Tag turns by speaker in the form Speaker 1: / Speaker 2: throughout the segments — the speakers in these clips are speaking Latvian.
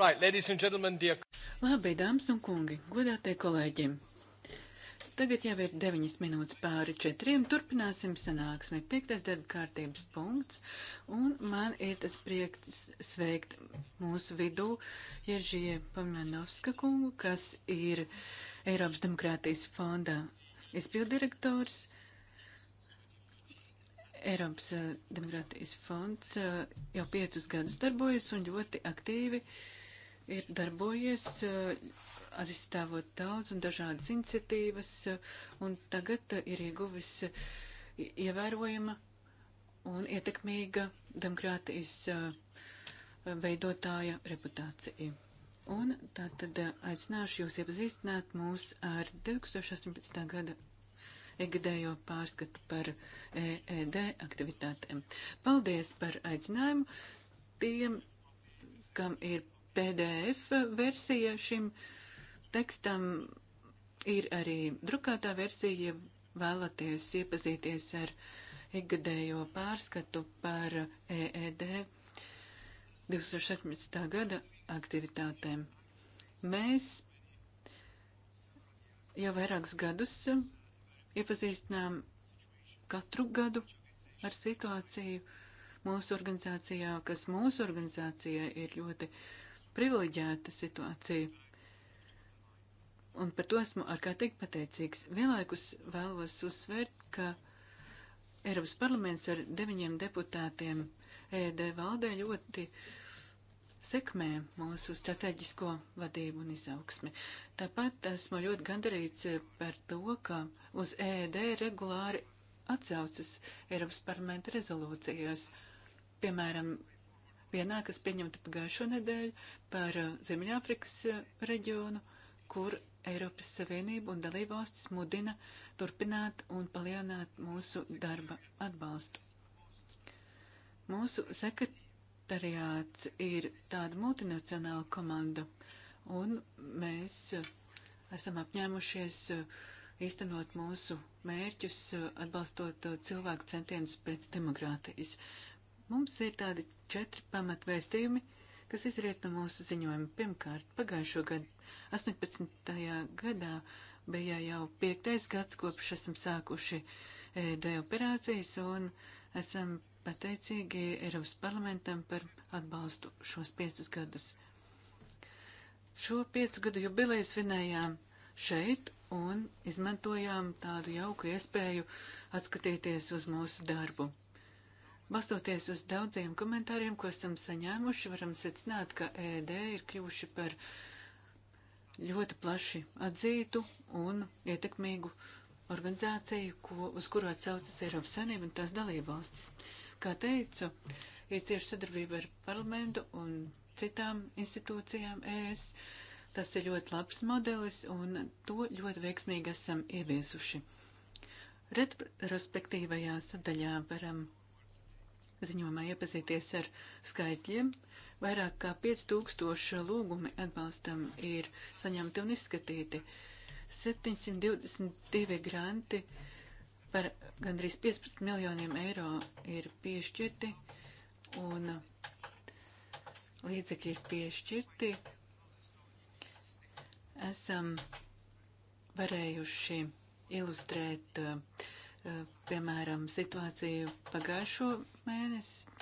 Speaker 1: Right, ladies and gentlemen, dear...
Speaker 2: Labi, dāmas un kungi, godātie kolēģi. Tagad jau ir 9 minūtes pāri četriem, turpināsim sanāksmi. Piektais darba kārtības punkts, un man ir tas prieks sveikt mūsu vidū Jeržie Pamjanovska kungu, kas ir Eiropas demokrātijas fonda izpildirektors. Eiropas eh, Demokrātijas fonds eh, jau piecus gadus darbojas un ļoti aktīvi uh, ir darbojies, eh, asistēvot daudz un dažādas iniciatīvas, eh, un tagad eh, ir ieguvis ievērojama un ietekmīga demokrātijas veidotāja reputācija. Un tātad aicināšu jūs iepazīstināt mūs ar 2018. gada egadējo pārskatu par EED aktivitātēm. Paldies par aicinājumu tiem, kam ir PDF versija šim tekstam ir arī drukātā versija, ja vēlaties iepazīties ar ikgadējo pārskatu par EED 2017. gada aktivitātēm. Mēs jau vairākus gadus iepazīstinām katru gadu ar situāciju mūsu organizācijā, kas mūsu organizācijai ir ļoti uh, privileģēta situācija. Un par to esmu ārkārtīgi pateicīgs. Vienlaikus vēlos uzsvērt, ka Eiropas parlaments ar deviņiem deputātiem ED valdē ļoti sekmē mūsu strateģisko vadību un izaugsmi. Tāpat esmu ļoti gandarīts par to, ka uz ED regulāri atsaucas Eiropas parlamenta rezolūcijās. Piemēram, vienā, kas pieņemta pagājušo nedēļu par uh, Ziemeļāfrikas uh, reģionu, kur Eiropas Savienība un dalībvalstis mudina turpināt un palielināt mūsu darba atbalstu. Mūsu sekretariāts ir tāda multinacionāla komanda, un mēs uh, esam apņēmušies īstenot mūsu mērķus, atbalstot cilvēku centienus pēc demokrātijas. Uh, Mums ir tādi četri pamatvēstījumi, kas izriet no mūsu ziņojuma. Pirmkārt, pagājušo gadu, 18. gadā, bija jau piektais gads, kopš esam sākuši ED operācijas un esam pateicīgi Eiropas parlamentam par atbalstu šos piecus gadus. Šo piecu gadu jubileju svinējām šeit un izmantojām tādu jauku iespēju atskatīties uz mūsu darbu. Balstoties uz daudziem komentāriem, ko esam saņēmuši, varam secināt, ka ED ir kļuvuši par ļoti plaši atzītu un ietekmīgu organizāciju, ko, uz kuru atsaucas Eiropas Savienība un tās dalībvalstis. Kā teicu, ir cieši sadarbība ar parlamentu un citām institūcijām ES. Tas ir ļoti labs modelis un to ļoti veiksmīgi esam ieviesuši. Retrospektīvajā sadaļā varam ziņojumā iepazīties ar skaitļiem. Vairāk kā 5000 lūgumi atbalstam ir saņemti un izskatīti. 722 granti par gandrīz 15 miljoniem eiro ir piešķirti un līdzekļi ir piešķirti. Esam varējuši ilustrēt uh, Eh, piemēram, situāciju pagājušo mēnesi.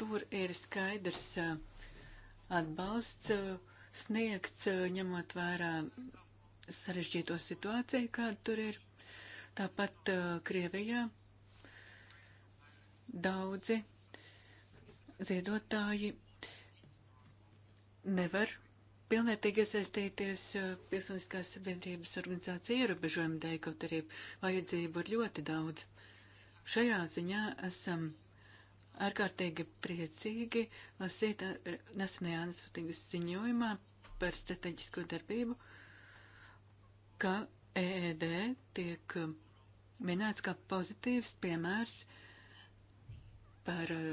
Speaker 2: Tur ir skaidrs eh, atbalsts eh, sniegts, ņemot vērā sarežģīto situāciju, kāda tur ir. Tāpat Krievijā daudzi ziedotāji nevar pilnvērtīgi iesaistīties eh, pilsoniskās sabiedrības organizācija ierobežojuma dēļ, kaut arī vajadzību ir ļoti daudz. Šajā ziņā esam ārkārtīgi priecīgi lasīt eh, nesenajā Ansvatīgas ziņojumā par strateģisko darbību, ka EED tiek eh, minēts kā pozitīvs piemērs par uh,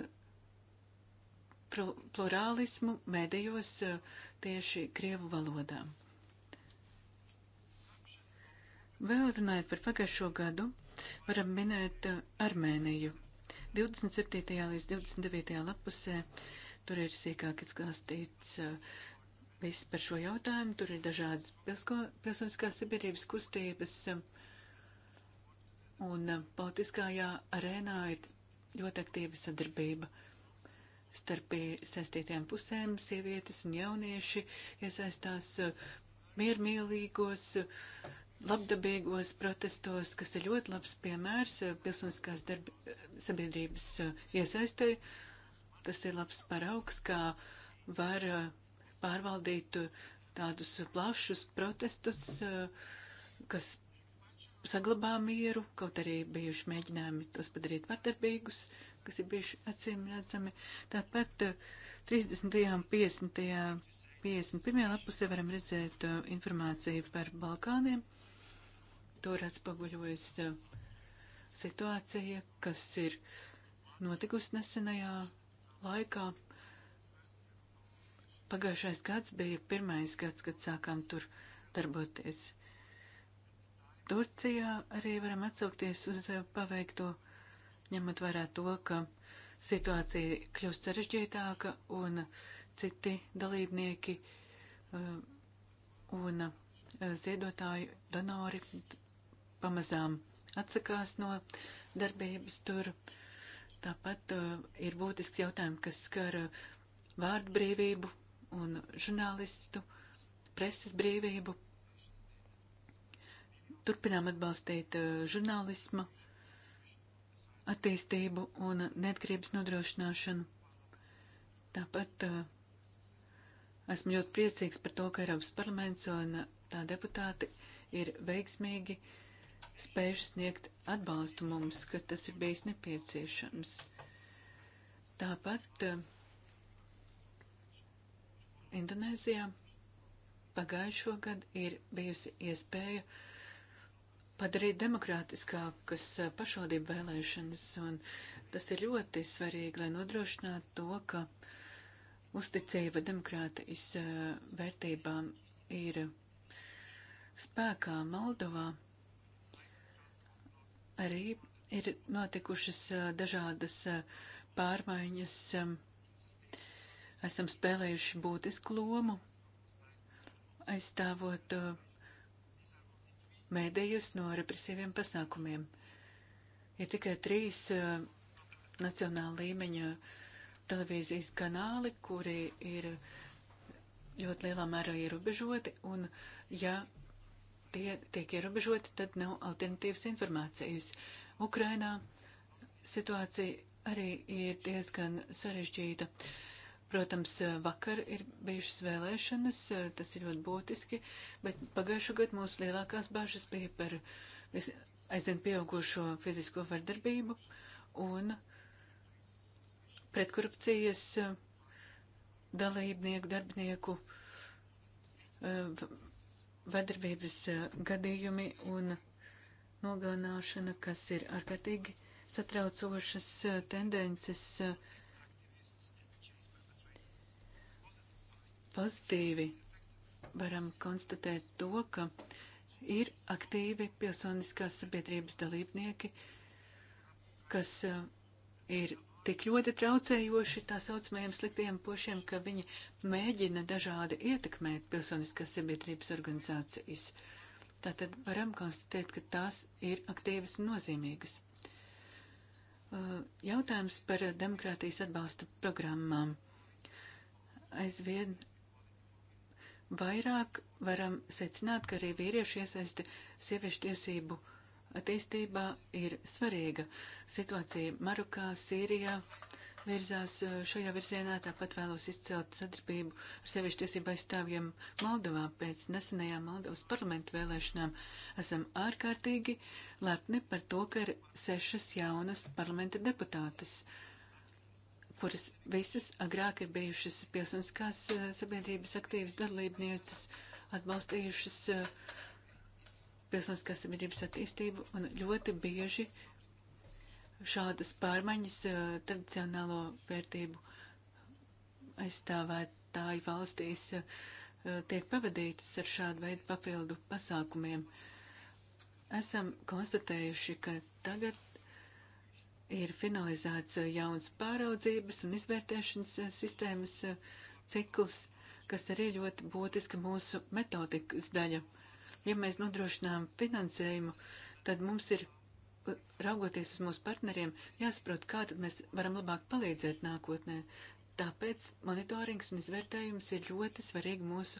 Speaker 2: plurālismu medijos eh, tieši Krievu valodā. Vēl runājot par pagājušo gadu, varam minēt eh, Armēniju. 27. līdz 29. lapusē tur ir sīkāk izklāstīts eh, viss par šo jautājumu. Tur ir dažādas pilsoniskās sabiedrības kustības, un politiskajā arēnā ir ļoti aktīva sadarbība starp saistītajām pusēm sievietes un jaunieši iesaistās uh, miermīlīgos, uh, labdabīgos protestos, kas ir ļoti labs piemērs uh, pilsoniskās darba, sabiedrības iesaistē. Tas ir labs paraugs, kā var pārvaldīt tādus plašus protestus, kas saglabā mieru, kaut arī bijuši mēģinājumi tos padarīt vardarbīgus, kas ir bijuši acīm redzami. Tāpat 30. Eh, un 50. 51. lapusē varam redzēt uh, informāciju par Balkāniem. Tur atspoguļojas uh, situācija, kas ir notikusi nesenajā laikā. Pagājušais gads bija pirmais gads, kad sākām tur darboties. Turcijā arī varam atsaukties uz paveikto ņemot vērā to, ka situācija kļūst sarežģītāka un citi dalībnieki uh, un uh, ziedotāju donori pamazām atsakās no darbības tur. Tāpat uh, ir būtisks jautājums, kas skar vārdu brīvību un žurnālistu, preses brīvību. Turpinām atbalstīt žurnālismu attīstību un neatkarības nodrošināšanu. Tāpat uh, esmu ļoti priecīgs par to, ka Eiropas parlaments un tā deputāti ir veiksmīgi spējuši sniegt atbalstu mums, ka tas ir bijis nepieciešams. Tāpat uh, Indonēzijā pagājušo gadu ir bijusi iespēja uh, padarīt demokrātiskākas eh, pašvaldību vēlēšanas, un tas ir ļoti svarīgi, lai nodrošinātu to, ka uzticība demokrātijas eh, vērtībām ir spēkā Moldovā. Arī ir notikušas eh, dažādas pārmaiņas. Esam spēlējuši būtisku lomu, aizstāvot uh, mēdījus no represīviem pasākumiem. Ir tikai trīs uh, nacionāla līmeņa televīzijas kanāli, kuri ir ļoti lielā mērā ierobežoti, un ja tie tiek ierobežoti, tad nav alternatīvas informācijas. Ukrainā situācija arī ir diezgan sarežģīta. Uh, Protams, eh, vakar ir bijušas vēlēšanas, eh, tas ir ļoti būtiski, bet pagājušā gada mūsu lielākās bažas bija par aizvien pieaugušo fizisko vardarbību un pretkorupcijas eh, dalībnieku, darbinieku vardarbības gadījumi un nogalināšana, kas ir ārkārtīgi satraucošas tendences. Uh, Pozitīvi varam konstatēt to, ka ir aktīvi pilsoniskās sabiedrības dalībnieki, kas eh, ir tik ļoti traucējoši tā saucamajiem sliktajiem pošiem, ka viņi mēģina dažādi ietekmēt pilsoniskās sabiedrības organizācijas. Tātad varam konstatēt, ka tās ir aktīvas un nozīmīgas. Eh, jautājums par demokrātijas atbalsta programmām. Aizvien vairāk varam secināt, ka arī vīriešu iesaiste sieviešu tiesību attīstībā ir svarīga. Situācija Marokā, Sīrijā virzās eh, šajā virzienā, tāpat vēlos izcelt sadarbību ar sieviešu tiesību aizstāvjiem Moldovā pēc nesenajām Moldovas parlamentu vēlēšanām. Esam ārkārtīgi lepni par to, ka ir sešas jaunas parlamenta deputātes. Uh, kuras visas agrāk ir bijušas pilsoniskās eh, sabiedrības aktīvas dalībnieces, atbalstījušas eh, pilsoniskās sabiedrības attīstību un ļoti bieži šādas pārmaiņas eh, tradicionālo vērtību aizstāvētāju valstīs tiek pavadītas ar šādu veidu papildu pasākumiem. Esam konstatējuši, ka tagad ir finalizēts eh, jauns pāraudzības un izvērtēšanas eh, sistēmas eh, cikls, kas arī ļoti būtiska mūsu metodikas daļa. Ja mēs nodrošinām finansējumu, tad mums ir, raugoties uz mūsu partneriem, jāsaprot, kā tad mēs varam labāk palīdzēt nākotnē. Tāpēc monitorings un izvērtējums ir ļoti svarīga mūsu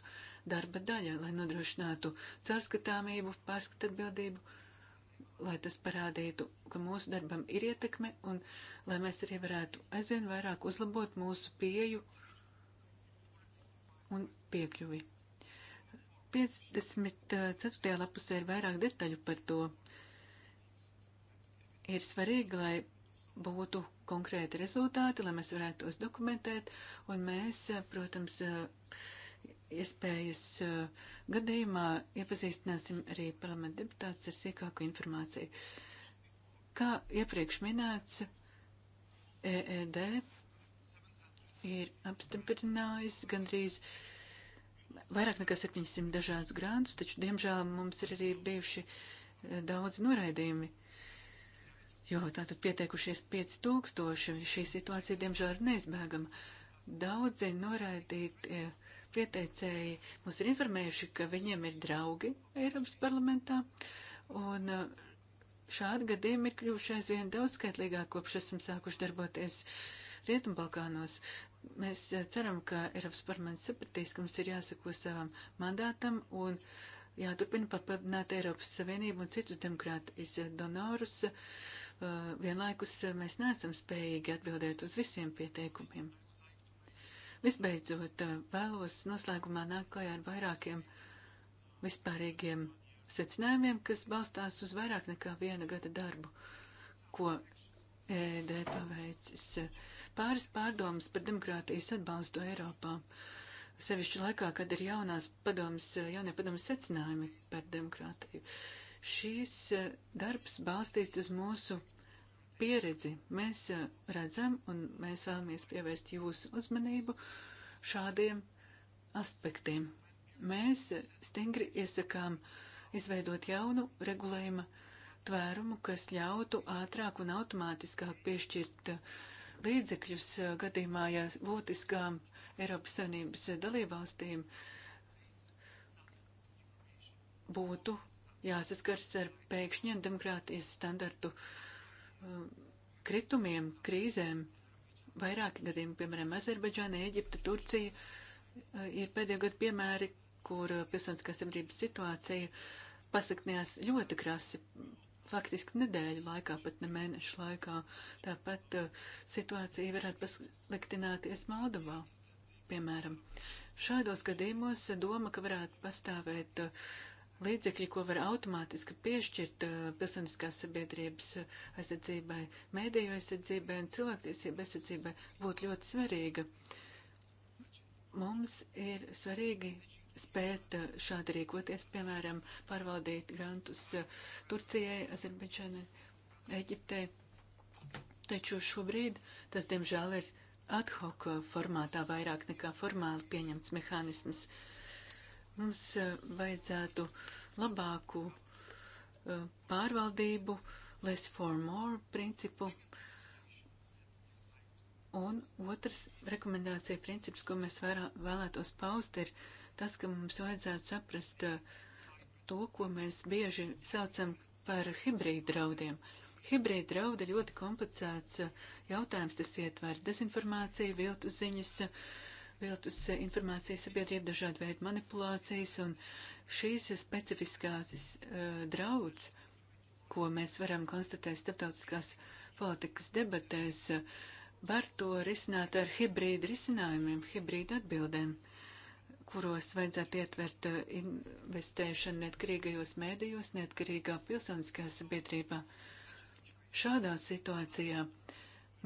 Speaker 2: darba daļa, lai nodrošinātu caurskatāmību, pārskat atbildību lai tas parādītu, ka mūsu darbam ir ietekme un lai mēs arī varētu aizvien vairāk uzlabot mūsu pieju un piekļuvi. 54. Eh, lapusē ir vairāk detaļu par to. Ir svarīgi, lai būtu konkrēti rezultāti, lai mēs varētu tos dokumentēt, un mēs, eh, protams, eh, iespējas uh, gadījumā iepazīstināsim arī parlamenta deputātus ar sīkāku informāciju. Kā iepriekš minēts, EED ir apstiprinājis gandrīz vairāk nekā 700 dažādus grādus, taču, diemžēl, mums ir arī bijuši uh, daudz noraidījumi, jo tātad pieteikušies 5000, šī situācija, diemžēl, ir neizbēgama. Daudzi noraidītie. Ja pieteicēji mūs ir informējuši, ka viņiem ir draugi Eiropas parlamentā, un uh, šādi gadījumi ir kļuvuši aizvien daudz skaitlīgāk, kopš esam sākuši darboties Rietumbalkānos. Mēs uh, ceram, ka Eiropas parlaments sapratīs, ka mums ir jāsako savam mandātam un jāturpina papildināt Eiropas Savienību un citus demokrātijas donorus. Uh, vienlaikus mēs neesam spējīgi atbildēt uz visiem pieteikumiem. Visbeidzot, eh, vēlos noslēgumā nākt klajā ar vairākiem vispārīgiem secinājumiem, kas balstās uz vairāk nekā viena gada darbu, ko ED paveicis. Pāris pārdomas par demokrātijas atbalstu Eiropā. Sevišķi laikā, kad ir jaunās padomas, jaunie padomas secinājumi par demokrātiju. Šīs eh, darbs balstīts uz mūsu pieredzi. Mēs eh, redzam un mēs vēlamies pievērst jūsu uzmanību šādiem aspektiem. Mēs eh, stingri iesakām izveidot jaunu regulējuma tvērumu, kas ļautu ātrāk un automātiskāk piešķirt eh, līdzekļus gadījumā, ja būtiskām Eiropas Savienības dalībvalstīm būtu jāsaskars ar pēkšņiem demokrātijas standartu uh, Um, kritumiem, krīzēm vairāki gadījumi, piemēram, Azerbaidžāna, Eģipte, Turcija, uh, ir pēdējo gadu piemēri, kur uh, pilsoniskās sabiedrības situācija pasaknījās ļoti krasi, faktiski nedēļu laikā, pat ne mēnešu laikā. Tāpat uh, situācija varētu pasliktināties Moldovā, piemēram. Šādos gadījumos doma, ka varētu pastāvēt uh, līdzekļi, ko var automātiski piešķirt uh, pilsoniskās sabiedrības uh, aizsardzībai, mēdīju aizsardzībai un cilvēktiesību aizsardzībai, būtu ļoti svarīga. Mums ir svarīgi spēt uh, šādi rīkoties, piemēram, pārvaldīt grantus uh, Turcijai, Azerbaidžanai, Eģiptei. Taču šobrīd tas, diemžēl, ir ad hoc uh, formātā vairāk nekā formāli pieņemts mehānisms. Uh, Mums eh, vajadzētu labāku eh, pārvaldību, less for more principu. Un otrs rekomendācija princips, ko mēs vērā, vēlētos paust, ir tas, ka mums vajadzētu saprast eh, to, ko mēs bieži saucam par hibrīdu draudiem. Hibrīda drauda ļoti komplicēts jautājums. Tas ietver dezinformāciju, viltu ziņas, uh, viltus eh, informācijas sabiedrība, dažādi veidi manipulācijas un šīs specifiskās uh, draudz, ko mēs varam konstatēt starptautiskās politikas debatēs, var to risināt ar hibrīdu risinājumiem, hibrīdu atbildēm, kuros vajadzētu ietvert eh, investēšanu neatkarīgajos mēdījos, neatkarīgā pilsoniskajā sabiedrībā. Šādā situācijā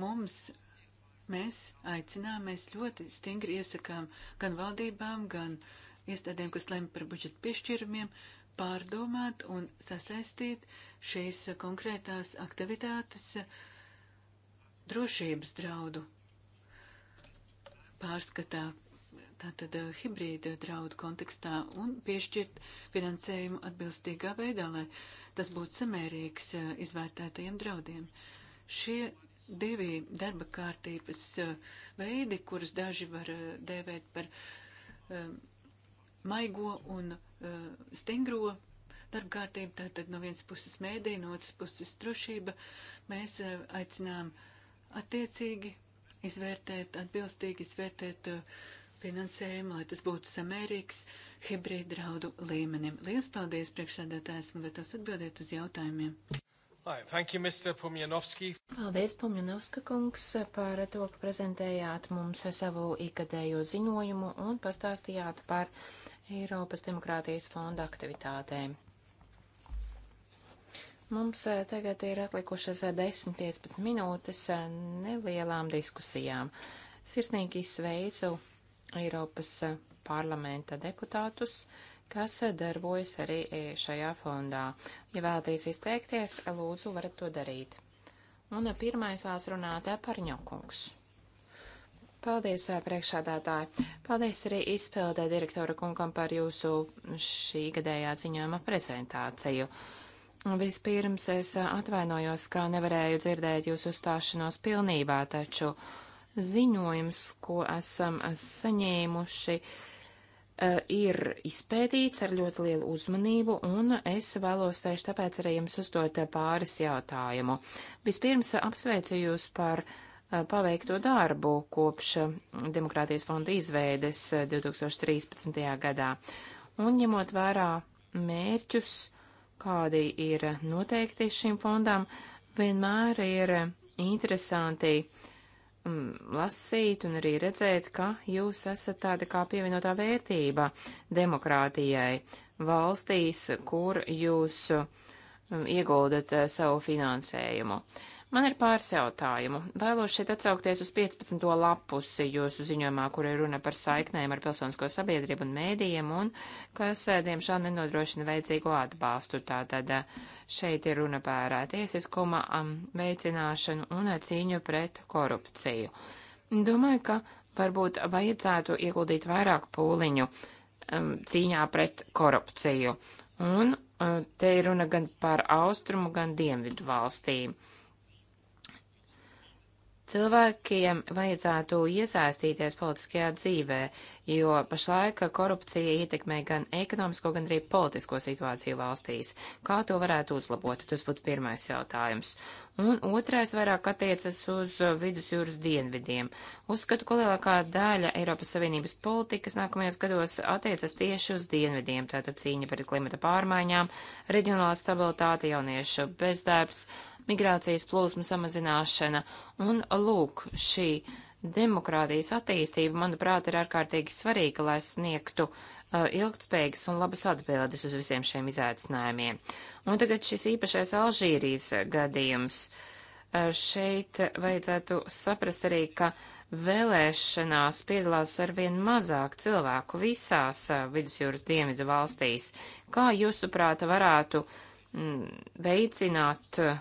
Speaker 2: mums Mēs aicinām, mēs ļoti stingri iesakām gan valdībām, gan iestādēm, kas lem par budžeta piešķirumiem, pārdomāt un sasaistīt šīs konkrētās aktivitātes drošības draudu pārskatā, tātad eh, hibrīda draudu kontekstā un piešķirt finansējumu atbilstīgā veidā, lai tas būtu samērīgs eh, izvērtētajiem draudiem. Šie divi darba kārtības eh, veidi, kurus daži var eh, dēvēt par eh, maigo un stingro darba kārtību. Tātad no vienas puses mēdī, no otras puses drošība. Mēs aicinām attiecīgi izvērtēt, atbilstīgi izvērtēt finansējumu, lai tas būtu samērīgs hibrīd draudu līmenim. Lielas paldies, priekšsādātājs, esmu gatavs atbildēt uz jautājumiem.
Speaker 1: Right, you, Paldies,
Speaker 3: Pumjanovska kungs, par to, ka prezentējāt mums savu ikgadējo ziņojumu un pastāstījāt par Eiropas demokrātijas fonda aktivitātēm. Mums eh, tagad ir atlikušas 10-15 eh, minūtes eh, nelielām diskusijām. Sirsnīgi sveicu Eiropas parlamenta deputātus. Uh, kas darbojas arī e, šajā fondā. Ja vēlaties izteikties, lūdzu, varat to darīt. Un pirmais vēlas runāt Parņokungs. Paldies, e, priekšādātāji. Paldies arī izpildē direktora kungam par jūsu šī gadējā ziņojuma prezentāciju. Vispirms es atvainojos, ka nevarēju dzirdēt jūsu stāšanos pilnībā, taču ziņojums, ko esam saņēmuši, uh, Eh, ir izpētīts ar ļoti lielu uzmanību, un es vēlos tieši tāpēc arī jums uzdot eh, pāris jautājumu. Vispirms eh, apsveicu jūs par paveikto darbu kopš mm, Demokrātijas fonda izveides 2013. gadā, un ņemot vērā mērķus, kādi ir noteikti šim fondam, vienmēr ir interesanti uh, mm, lasīt un arī redzēt, ka jūs esat tāda kā pievienotā vērtība demokrātijai valstīs, kur jūs mm, ieguldat eh, savu finansējumu. Uh, Man ir pāris jautājumu. Vēlos šeit atsaukties uz 15. lapusi jūsu ziņojumā, kur ir runa par saiknēm ar pilsonisko sabiedrību un mēdījiem, un kas, eh, diemžēl, nenodrošina vajadzīgo atbalstu. Tātad eh, šeit ir runa par eh, tiesiskuma veicināšanu un cīņu pret korupciju. Domāju, ka varbūt vajadzētu ieguldīt vairāk pūliņu cīņā pret korupciju. Un te ir runa gan par austrumu, gan dienvidu valstīm Cilvēkiem vajadzētu iesaistīties politiskajā dzīvē, jo pašlaik korupcija ietekmē gan ekonomisko, gan arī politisko situāciju valstīs. Kā to varētu uzlabot? Tas būtu pirmais jautājums. Un otrais vairāk attiecas uz vidusjūras dienvidiem. Uzskatu, ka lielākā daļa Eiropas Savienības politikas nākamajos gados attiecas tieši uz dienvidiem, tātad cīņa pret klimata pārmaiņām, reģionālā stabilitāte, jauniešu bezdarbs migrācijas plūsmu samazināšana. Un lūk, šī demokrātijas attīstība, manuprāt, ir ārkārtīgi svarīga, lai sniegtu uh, ilgtspējīgas un labas atbildes uz visiem šiem izaicinājumiem. Un tagad šis īpašais Alžīrijas gadījums. Uh, šeit vajadzētu saprast arī, ka vēlēšanās piedalās arvien mazāk cilvēku visās uh, vidusjūras dienvidu valstīs. Kā jūsuprāt varētu mm, veicināt uh,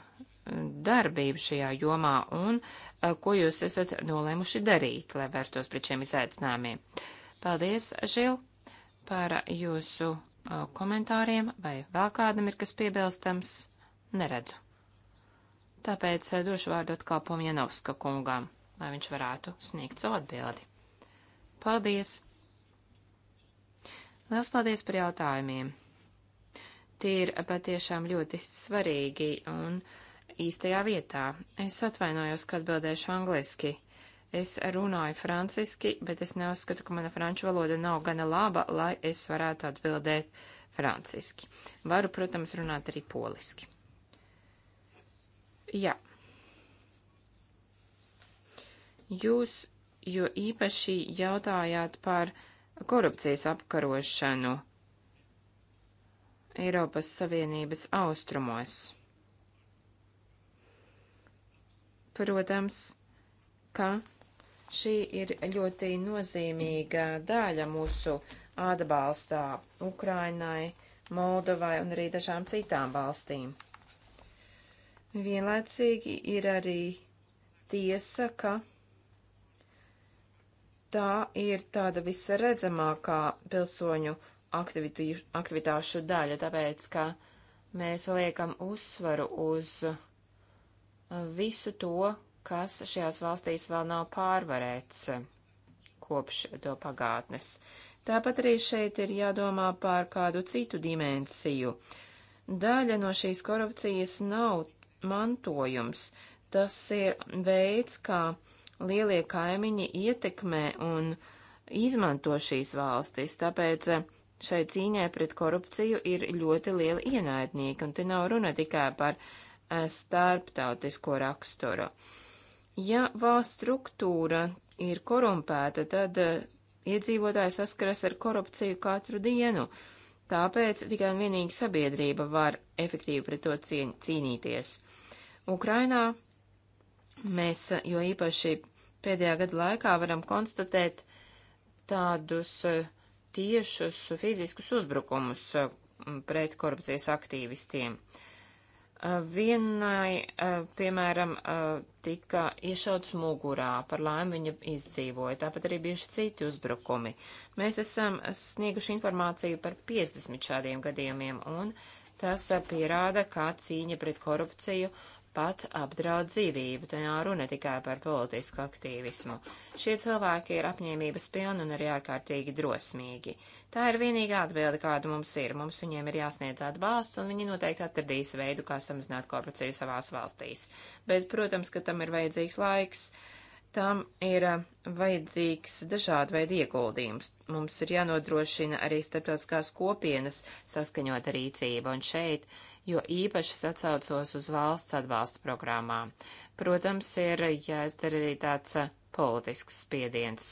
Speaker 3: darbību šajā jomā un eh, ko jūs esat nolēmuši darīt, lai vērstos pret šiem izaicinājumiem. Paldies, Žil, par jūsu eh, komentāriem, vai vēl kādam ir kas piebilstams? Neredzu. Tāpēc eh, došu vārdu atkal Pomjanovska kungām, lai viņš varētu sniegt savu atbildi. Paldies! Liels paldies par jautājumiem! Tie ir patiešām ļoti svarīgi un uh, īstajā vietā. Es atvainojos, ka atbildēšu angliski. Es runāju franciski, bet es neuzskatu, ka mana franču valoda nav gana laba, lai es varētu atbildēt franciski. Varu, protams, runāt arī poliski. Jā. Jūs jo īpaši jautājāt par korupcijas apkarošanu Eiropas Savienības austrumos. Protams, ka šī ir ļoti nozīmīga daļa mūsu atbalstā Ukrainai, Moldovai un arī dažām citām valstīm. Vienlaicīgi ir arī tiesa, ka tā ir tāda visredzamākā pilsoņu aktivitāšu daļa, tāpēc, ka mēs liekam uzsvaru uz uh, visu to, kas šajās valstīs vēl nav pārvarēts kopš to pagātnes. Tāpat arī šeit ir jādomā par kādu citu dimensiju. Daļa no šīs korupcijas nav mantojums, tas ir veids, kā lielie kaimiņi ietekmē un izmanto šīs valstis, tāpēc eh, šai cīņai pret korupciju ir ļoti liela ienaidnieka, un te nav runa tikai par uh, starptautisko raksturu. Ja valsts struktūra ir korumpēta, tad eh, iedzīvotāji saskaras ar korupciju katru dienu, tāpēc tikai un vienīgi sabiedrība var efektīvi pret to cīn cīnīties. Ukrainā mēs, eh, jo īpaši pēdējā gada laikā, varam konstatēt tādus eh, tiešus fiziskus uzbrukumus pret korupcijas aktīvistiem. Uh, Eh, vienai, eh, piemēram, eh, tika iešauts mugurā, par laimi viņa izdzīvoja, tāpat arī bijuši citi uzbrukumi. Mēs esam snieguši informāciju par 50 šādiem gadījumiem, un tas pierāda, kā cīņa pret korupciju pat apdraud dzīvību. Te nav runa tikai par politisku aktīvismu. Šie cilvēki ir apņēmības pilni un arī ārkārtīgi drosmīgi. Tā ir vienīgā atbilde, kāda mums ir. Mums viņiem ir jāsniedz atbalsts, un viņi noteikti atradīs veidu, kā samazināt korupciju savās valstīs. Bet, protams, ka tam ir vajadzīgs laiks. Tam ir uh, vajadzīgs dažādi veidi ieguldījums. Mums ir jānodrošina arī starptautiskās kopienas saskaņota rīcība, un šeit uh, jo īpaši es atsaucos uz valsts atbalsta programmām. Protams, ir jāizdara arī tāds eh, politisks spiediens.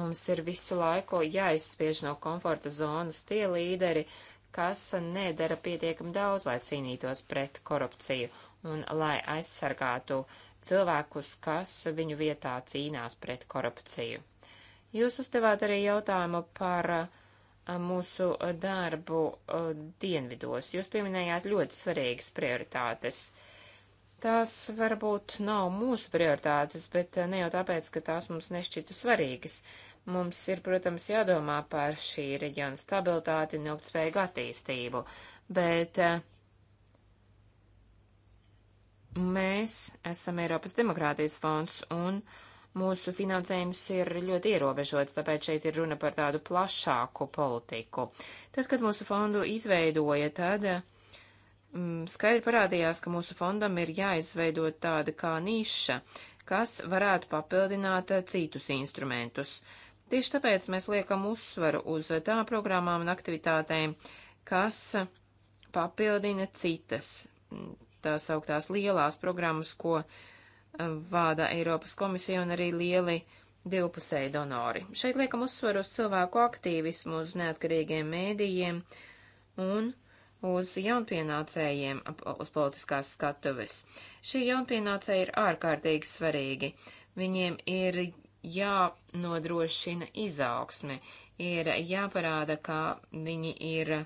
Speaker 3: Mums ir visu laiku jāizspiež no komforta zonas tie līderi, kas nedara pietiekami daudz, lai cīnītos pret korupciju un lai aizsargātu cilvēkus, kas viņu vietā cīnās pret korupciju. Jūs uzdevāt arī jautājumu par uh, mūsu darbu dienvidos. Jūs pieminējāt ļoti svarīgas prioritātes. Tās varbūt nav mūsu prioritātes, bet ne jau tāpēc, ka tās mums nešķitu svarīgas. Mums ir, protams, jādomā par šī reģiona stabilitāti un ilgtspējīgu attīstību, bet mēs esam Eiropas demokrātijas fonds un uh, mūsu finansējums ir ļoti ierobežots, tāpēc šeit ir runa par tādu plašāku politiku. Tad, kad mūsu fondu izveidoja, tad mm, skaidri parādījās, ka mūsu fondam ir jāizveido tāda kā niša, kas varētu papildināt citus instrumentus. Tieši tāpēc mēs liekam uzsvaru uz tām programmām un aktivitātēm, kas papildina citas, mm, tās augtās lielās programmas, ko uh, vāda Eiropas komisija un arī lieli divpusēji donori. Šeit liekam uzsveru uz cilvēku aktīvismu, uz neatkarīgiem mēdījiem un uz jaunpienācējiem uz politiskās skatuves. Šie jaunpienācēji ir ārkārtīgi svarīgi. Viņiem ir jānodrošina izaugsme, ir jāparāda, ka viņi ir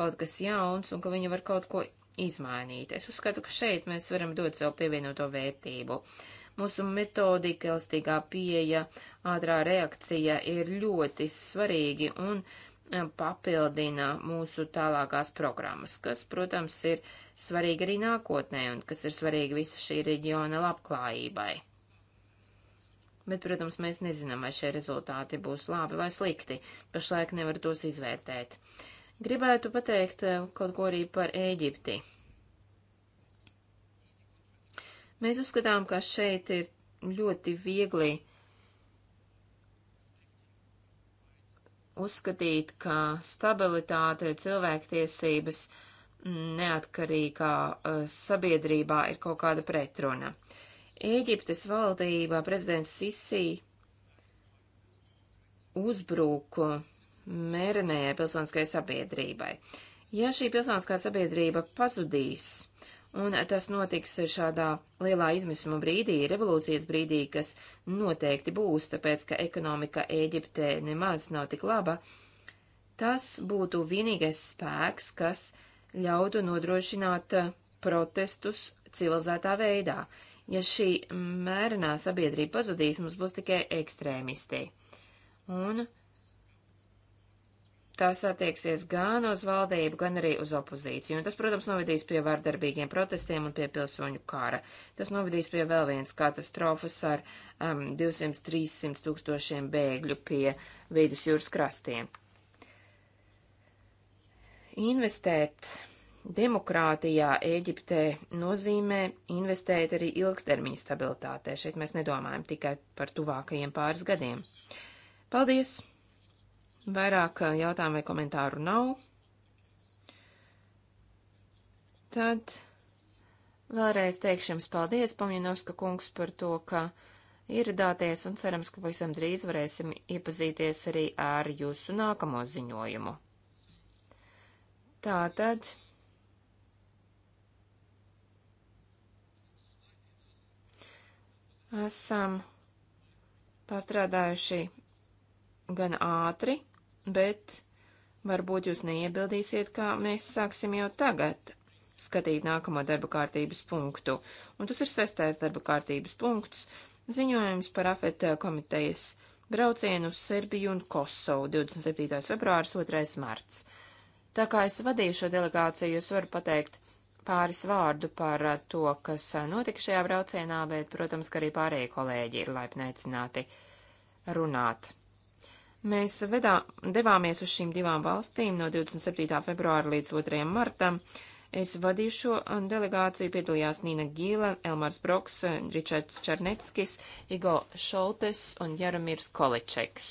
Speaker 3: kaut kas jauns un ka viņi var kaut ko izmainīt. Es uzskatu, ka šeit mēs varam dot savu pievienoto vērtību. Mūsu metodika, elastīgā pieeja, ātrā reakcija ir ļoti svarīgi un eh, papildina mūsu tālākās programmas, kas, protams, ir svarīgi arī nākotnē un kas ir svarīgi visa šī reģiona labklājībai. Bet, protams, mēs nezinām, vai šie rezultāti būs labi vai slikti. Pašlaik nevar tos izvērtēt. Uh, Gribētu pateikt eh, kaut ko arī par Ēģipti. Mēs uzskatām, ka šeit ir ļoti viegli uzskatīt, ka stabilitāte, cilvēktiesības mm, neatkarīgā eh, sabiedrībā ir kaut kāda pretruna. Ēģiptes valdībā prezidents Sisi uzbruku mērenējai pilsoniskai sabiedrībai. Ja šī pilsoniskā sabiedrība pazudīs, un tas notiks šādā lielā izmisuma brīdī, revolūcijas brīdī, kas noteikti būs, tāpēc ka ekonomika Ēģiptē nemaz nav tik laba, tas būtu vienīgais spēks, kas ļautu nodrošināt uh, protestus civilizētā veidā. Ja šī mērenā sabiedrība pazudīs, mums būs tikai ekstrēmisti. Un Tas attieksies gan uz valdību, gan arī uz opozīciju, un tas, protams, novedīs pie vārdarbīgiem protestiem un pie pilsoņu kara. Tas novedīs pie vēl vienas katastrofas ar um, 200-300 tūkstošiem bēgļu pie vidusjūras krastiem. Investēt demokrātijā Ēģiptē nozīmē investēt arī ilgstermiņa stabilitātē. Šeit mēs nedomājam tikai par tuvākajiem pāris gadiem. Paldies! Vairāk jautājumu vai komentāru nav. Tad vēlreiz teikšu jums paldies, Pamjanovska kungs, par to, ka ieradāties un cerams, ka pavisam drīz varēsim iepazīties arī ar jūsu nākamo ziņojumu. Tātad. Esam pastrādājuši gan ātri, bet varbūt jūs neiebildīsiet, ka mēs sāksim jau tagad skatīt nākamo darba kārtības punktu. Un tas ir sestais darba kārtības punkts - ziņojums par AFET komitejas braucienu uz Serbiju un Kosovu 27. februāris 2. marts. Tā kā es vadīju šo delegāciju, es varu pateikt pāris vārdu par to, kas notika šajā braucienā, bet, protams, ka arī pārējie kolēģi ir laipni aicināti runāt. Mēs vedā, devāmies uz šīm divām valstīm no 27. februāra līdz 2. martam. Es vadīju šo um, delegāciju, piedalījās Nīna Gīla, Elmars Broks, Ričards Černeckis, Igo Šoltes un Jaromirs Količeks.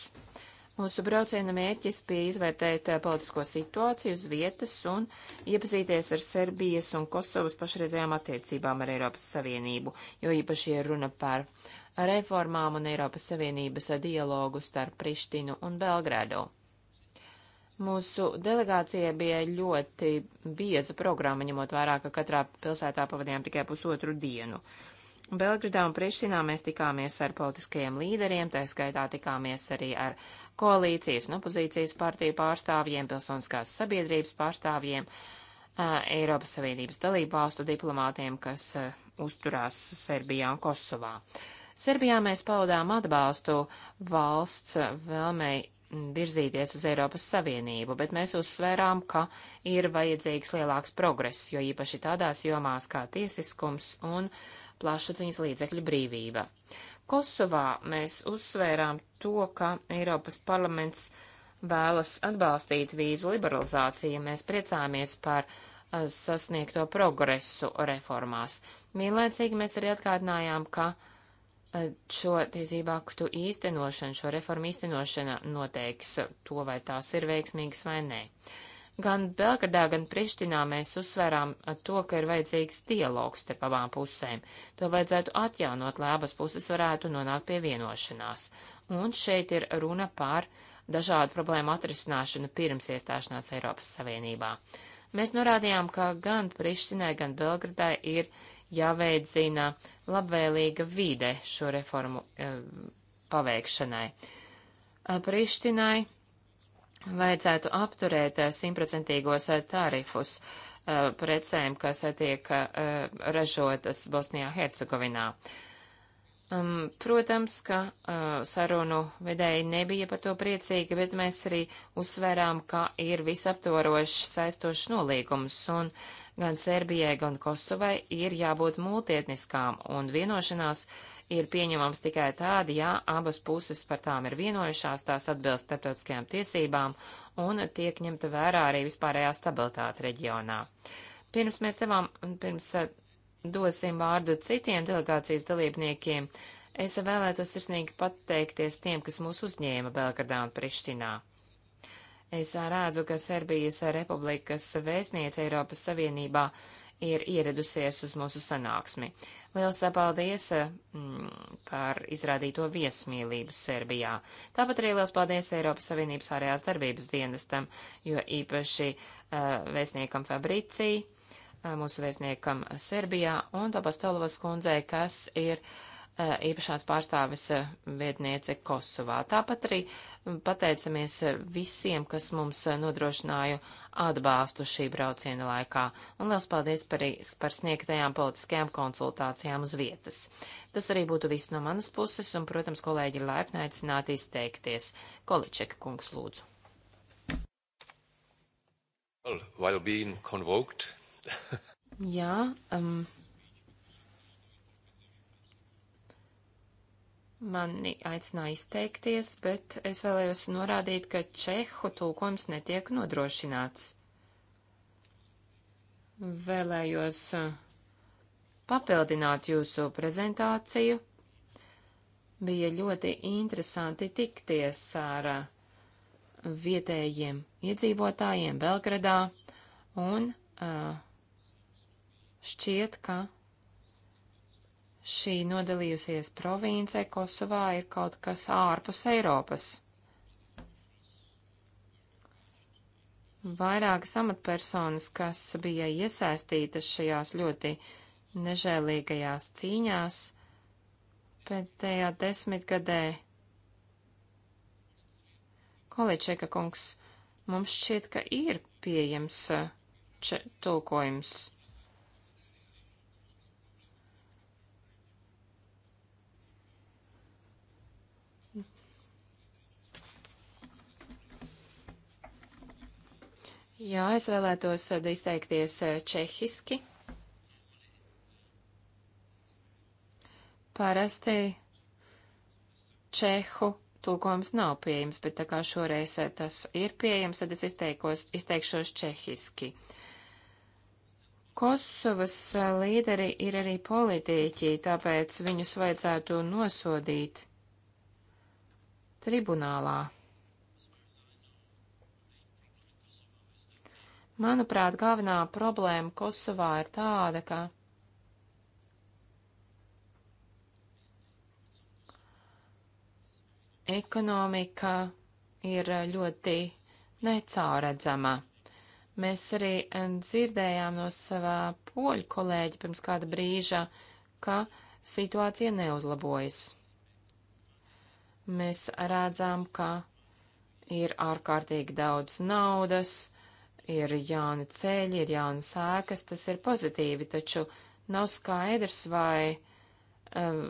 Speaker 3: Mūsu brauciena mērķis bija izvērtēt uh, politisko situāciju uz vietas un iepazīties ar Serbijas un Kosovas pašreizējām attiecībām ar Eiropas Savienību, jo īpaši ir runa par uh, reformām un Eiropas Savienības dialogu starp Prištinu un Belgrādu. Mūsu delegācija bija ļoti bieza programma, ņemot vērā, ka katrā pilsētā pavadījām tikai pusotru dienu. Belgradā un Prištinā mēs tikāmies ar politiskajiem līderiem, tā skaitā tikāmies arī ar koalīcijas un opozīcijas partiju pārstāvjiem, pilsoniskās sabiedrības pārstāvjiem, Eiropas Savienības dalībvalstu diplomātiem, kas uzturās Serbijā un Kosovā. Uh, Serbijā mēs paudām atbalstu valsts vēlmei virzīties uz Eiropas Savienību, bet mēs uzsvērām, ka ir vajadzīgs lielāks progress, jo īpaši tādās jomās kā tiesiskums un plašsaziņas līdzekļu brīvība. Kosovā mēs uzsvērām to, ka Eiropas parlaments vēlas atbalstīt vīzu liberalizāciju, mēs priecāmies par sasniegto progresu reformās. Vienlaicīgi mēs arī atkārtinājām, ka šo tiesību aktu īstenošana, šo reformu īstenošana noteiks to, vai tās ir veiksmīgas vai nē. Gan Belgradā, gan Prištinā mēs uzsvērām to, ka ir vajadzīgs dialogs starp abām pusēm. To vajadzētu atjaunot, lai abas puses varētu nonākt pie vienošanās. Un šeit ir runa par dažādu problēmu atrisināšanu pirms iestāšanās Eiropas Savienībā. Mēs norādījām, ka gan Prištinai, gan Belgradai ir jāveicina labvēlīga vide šo reformu e, paveikšanai. Eh, Prištinai vajadzētu apturēt eh, simtprocentīgos tarifus precēm, kas tiek ražotas Bosnijā-Hercegovinā. Um, ehm, protams, ka uh, sarunu vedēji nebija par to priecīgi, bet mēs arī uzsvērām, ka ir visaptvarošs saistošs nolīgums un gan Serbijai, gan Kosovai ir jābūt multietniskām, un vienošanās ir pieņemams tikai tādi, ja abas puses par tām ir vienojušās, tās atbilst starptautiskajām tiesībām un tiek ņemta vērā arī vispārējā stabilitāte reģionā. Pirms mēs devām, pirms eh, dosim vārdu citiem delegācijas dalībniekiem, es vēlētos sirsnīgi pateikties tiem, kas mūs uzņēma Belgradā un Prištinā. Es rādzu, ka Serbijas Republikas vēstniece Eiropas Savienībā ir ieradusies uz mūsu sanāksmi. Liels paldies mm, par izrādīto viesmīlību Serbijā. Tāpat arī liels paldies Eiropas Savienības ārējās darbības dienestam, jo īpaši uh, vēstniekam Fabricī, uh, eh, mūsu vēstniekam Serbijā un Papastolovas kundzei, kas ir uh, Eh, īpašās pārstāvis eh, vietniece Kosovā. Tāpat arī mm, pateicamies eh, visiem, kas mums nodrošināja atbalstu šī brauciena laikā, un liels paldies par, par sniegtajām politiskajām konsultācijām uz vietas. Tas arī būtu viss no manas puses, un, protams, kolēģi laipni aicināti izteikties. Količeka kungs lūdzu. Well, while being convoked. Jā, um, mani aicināja izteikties, bet es vēlējos norādīt, ka čehu tulkojums netiek nodrošināts. Vēlējos uh, papildināt jūsu prezentāciju. Bija ļoti interesanti tikties ar uh, vietējiem iedzīvotājiem Belgradā, un uh, šķiet, ka šī nodalījusies province Kosovā ir kaut kas ārpus Eiropas. Vairākas amatpersonas, kas bija iesaistītas šajās ļoti nežēlīgajās cīņās pēdējā desmitgadē. Kolēčeka kungs, mums šķiet, ka ir pieejams uh, tulkojums. Jā, es vēlētos eh, izteikties eh, čehiski. Parasti čehu tulkojums nav pieejams, bet tā kā šoreiz eh, tas ir pieejams, tad es izteikos, izteikšos čehiski. Kosovas līderi ir arī politiķi, tāpēc viņus vajadzētu nosodīt tribunālā. Manuprāt, galvenā problēma Kosovā ir tāda, ka ekonomika ir ļoti necauredzama. Mēs arī eh, dzirdējām no savā poļu kolēģa pirms kāda brīža, ka situācija neuzlabojas. Mēs redzam, ka ir ārkārtīgi daudz naudas, Ir jauni ceļi, ir jaunas ēkas, tas ir pozitīvi, taču nav skaidrs, vai um,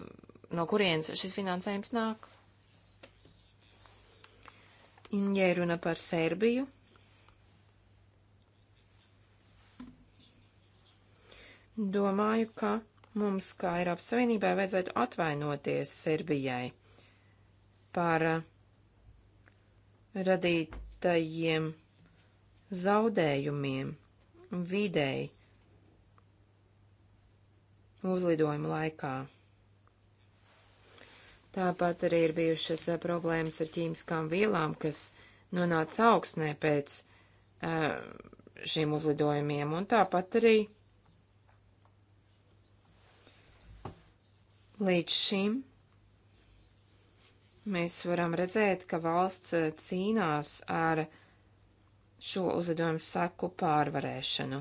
Speaker 3: no kurienes šis finansējums nāk. Ja runa par Serbiju, domāju, ka mums, kā Eiropas Savienībai, vajadzētu atvainoties Serbijai par uh, radītajiem zaudējumiem videi uzlidojuma laikā. Tāpat arī ir bijušas eh, problēmas ar ķīmiskām vielām, kas nonāca augsnē pēc eh, šiem uzlidojumiem, un tāpat arī līdz šim mēs varam redzēt, ka valsts eh, cīnās ar uh, šo uzlidojumu seku pārvarēšanu.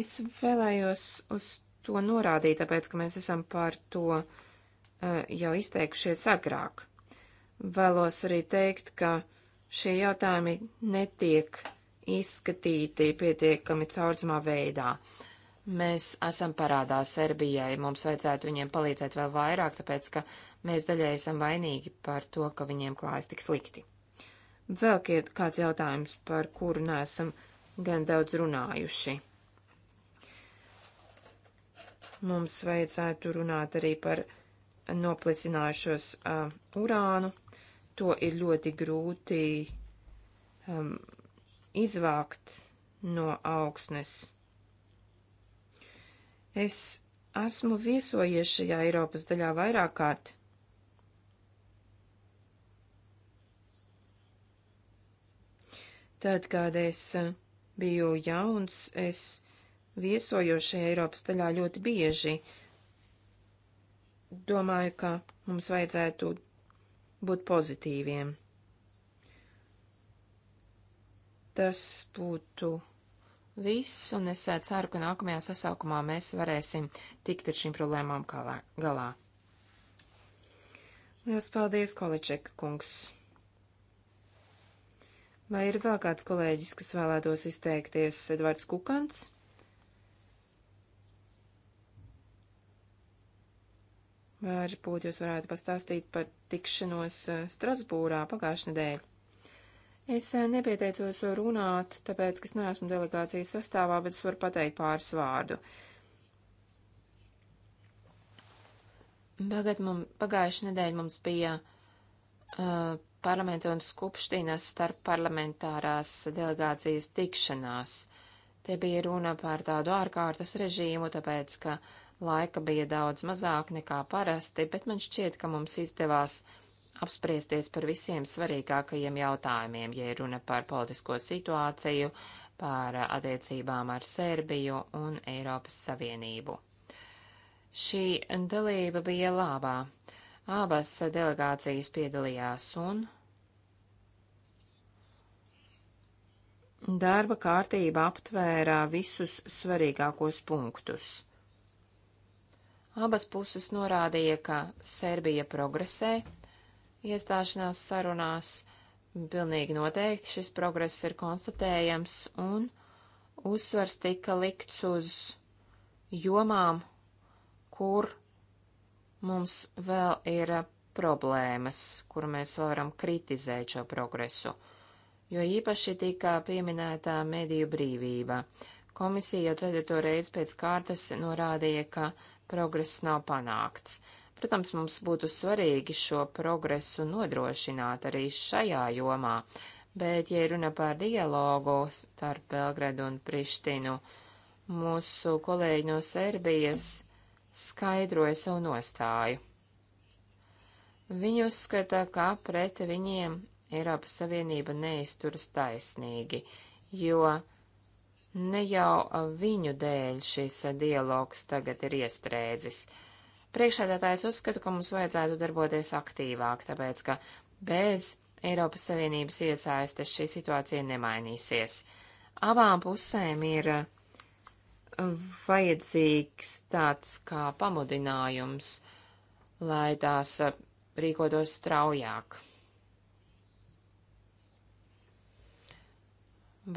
Speaker 3: Es vēlējos uz to norādīt, tāpēc, ka mēs esam par to uh, jau izteikušies agrāk. Vēlos arī teikt, ka šie jautājumi netiek izskatīti pietiekami caurdzumā veidā. Uh, Mēs esam parādā Serbijai, mums vajadzētu viņiem palīdzēt vēl vairāk, tāpēc, ka mēs daļai esam vainīgi par to, ka viņiem klājas tik slikti. Vēl kāds jautājums, par kuru neesam gan daudz runājuši. Mums vajadzētu runāt arī par noplicinājušos uh, urānu. To ir ļoti grūti um, izvākt no augsnes. Es esmu viesojies šajā Eiropas daļā vairāk kārt. Tad, kad es eh, biju jauns, es viesojos šajā Eiropas daļā ļoti bieži. Domāju, ka mums vajadzētu būt pozitīviem. Tas būtu viss, un es eh, ceru, ka nākamajā sasaukumā mēs varēsim tikt ar šīm problēmām galā. galā. Lielas paldies, Količeka kungs! Vai ir vēl kāds kolēģis, kas vēlētos izteikties? Edvards Kukants? Varbūt jūs varētu pastāstīt par tikšanos eh, Strasbūrā pagājušajā nedēļā. Es eh, nepieteicos runāt, tāpēc, ka es neesmu delegācijas sastāvā, bet es varu pateikt pāris vārdu. Bagad mums, pagājuši nedēļ mums bija uh, parlamenta un skupštīnas starp parlamentārās delegācijas tikšanās. Te bija runa par tādu ārkārtas režīmu, tāpēc, ka laika bija daudz mazāk nekā parasti, bet man šķiet, ka mums izdevās uh, apspriesties par visiem svarīgākajiem jautājumiem, ja runa par politisko situāciju, par attiecībām ar Serbiju un Eiropas Savienību. Šī dalība bija labā. Abas delegācijas piedalījās un Darba kārtība aptvērā visus svarīgākos punktus. Abas puses norādīja, ka Serbija progresē, iestāšanās sarunās. Pilnīgi noteikti šis progress ir konstatējams un uzsvars tika likts uz jomām, kur mums vēl ir problēmas, kur mēs varam kritizēt šo progresu, jo īpaši tika pieminētā mediju brīvība. Komisija jau ceturto reizi pēc kārtas norādīja, ka progress nav panākts. Protams, mums būtu svarīgi šo progresu nodrošināt arī šajā jomā, bet, ja runa par dialogu starp Belgradu un Prištinu, mūsu kolēģi no Serbijas skaidroja savu nostāju. Viņi uzskata, ka pret viņiem Eiropas Savienība neizturas taisnīgi, jo ne jau viņu dēļ šis dialogs tagad ir iestrēdzis. Priekšsēdētājs uzskatu, ka mums vajadzētu darboties aktīvāk, tāpēc ka bez Eiropas Savienības iesaistes šī situācija nemainīsies. Abām pusēm ir uh, vajadzīgs tāds kā pamudinājums, lai tās uh, rīkotos straujāk.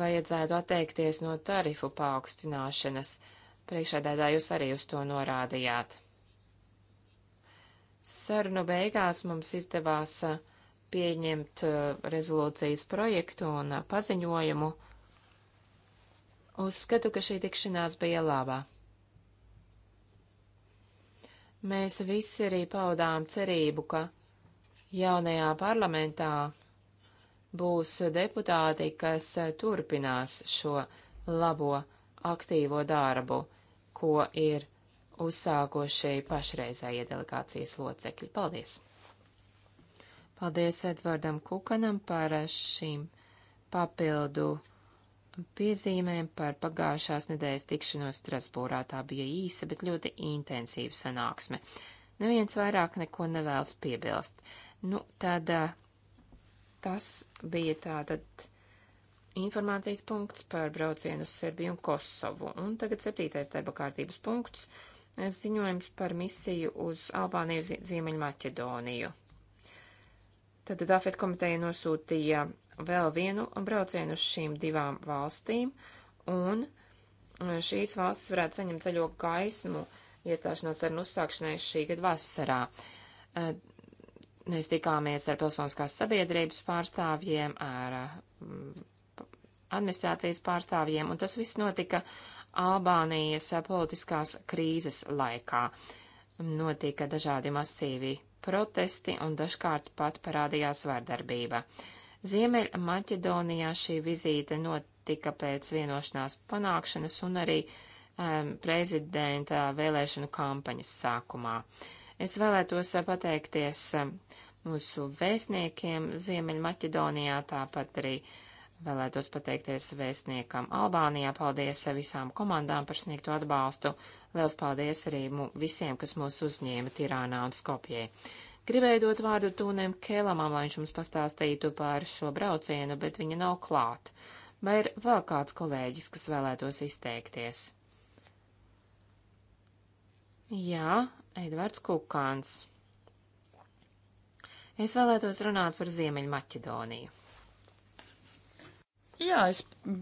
Speaker 3: Vajadzētu atteikties no tarifu paaugstināšanas. Priekšēdētā jūs arī uz to norādījāt. Sarunu beigās mums izdevās uh, pieņemt uh, rezolūcijas projektu un uh, paziņojumu. Uzskatu, ka šī tikšanās bija labā. Mēs visi arī paudām cerību, ka jaunajā parlamentā būs deputāti, kas turpinās šo labo aktīvo darbu, ko ir uzsākoši pašreizējie delegācijas locekļi. Paldies! Paldies Edvardam Kukanam par šīm papildu piezīmēm par pagājušās nedēļas tikšanos Strasbūrā. Tā bija īsa, bet ļoti intensīva sanāksme. Neviens vairāk neko nevēlas piebilst. Nu, tad eh, tas bija tātad informācijas punkts par braucienu uz Serbiju un Kosovu. Un tagad septītais darba kārtības punkts ziņojums par misiju uz Albāniju Ziemeļmaķedoniju. Tad Dafet komiteja nosūtīja vēl vienu braucienu uz šīm divām valstīm, un e, šīs valstis varētu saņemt ceļo gaismu iestāšanās ar uzsākšanai šī gada vasarā. E, mēs tikāmies ar pilsoniskās sabiedrības pārstāvjiem, ar mm, administrācijas pārstāvjiem, un tas viss notika Albānijas politiskās krīzes laikā. Notika dažādi masīvi protesti un dažkārt pat parādījās vardarbība. Ziemeļ Maķedonijā šī vizīte notika pēc vienošanās panākšanas un arī um, prezidenta vēlēšanu kampaņas sākumā. Es vēlētos pateikties mūsu vēstniekiem Ziemeļ Maķedonijā, tāpat arī uh, Vēlētos pateikties vēstniekam Albānijā, paldies visām komandām par sniegto atbalstu, liels paldies arī mu, visiem, kas mūs uzņēma Tirānā un Skopjē. Gribēju dot vārdu Tūnēm Kēlamam, lai viņš mums pastāstītu par šo braucienu, bet viņa nav klāt. Vai ir vēl kāds kolēģis, kas vēlētos izteikties? Jā, Edvards Kukāns. Es vēlētos runāt par Ziemeļmaķedoniju.
Speaker 1: Jā, es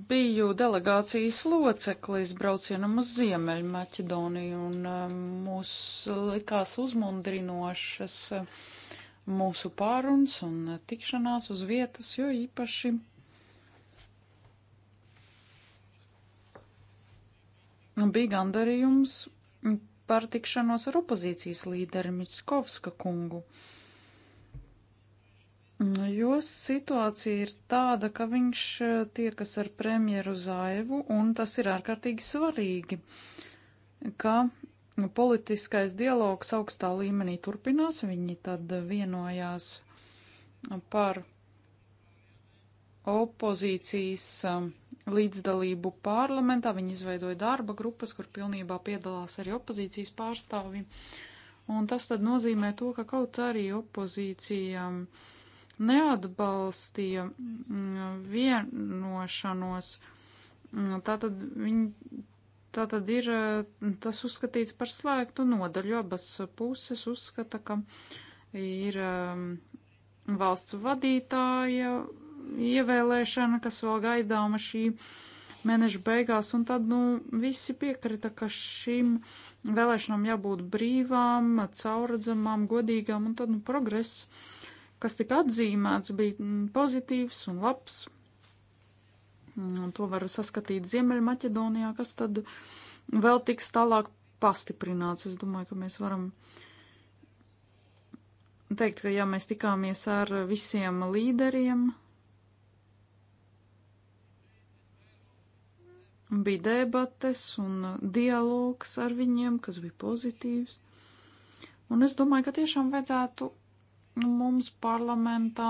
Speaker 1: biju delegācijas loceklis braucienam uz Ziemeļu Maķedoniju, un um, mūs likās uzmundrinošas uh, mūsu pārunas un tikšanās uz vietas, jo īpaši bija gandarījums par tikšanos ar opozīcijas līderi Mitskovska kungu. Uh, jo situācija ir tāda, ka viņš eh, tiekas ar premjeru Zaivu, un tas ir ārkārtīgi svarīgi, ka politiskais dialogs augstā līmenī turpinās, viņi tad vienojās par opozīcijas eh, līdzdalību parlamentā, viņi izveidoja darba grupas, kur pilnībā piedalās arī opozīcijas pārstāvi, un tas tad nozīmē to, ka kaut arī opozīcijām mm, um, neatbalstīja mm, vienošanos. Mm, tātad viņi tā tad ir mm, tas uzskatīts par slēgtu nodaļu. Abas puses uzskata, ka ir valsts vadītāja ievēlēšana, kas vēl gaidāma šī mēneša beigās, un tad, nu, visi piekrita, ka šīm vēlēšanām jābūt brīvām, cauradzamām, godīgām, un tad, nu, progress kas tika atzīmēts, bija mm, pozitīvs un labs. Mm, un to var saskatīt Ziemeļmaķedonijā, kas tad vēl tiks tālāk pastiprināts. Es domāju, ka mēs varam teikt, ka jā, mēs tikāmies ar visiem līderiem. Bija debates un dialogs ar viņiem, kas bija pozitīvs. Un es domāju, ka tiešām vajadzētu mums parlamentā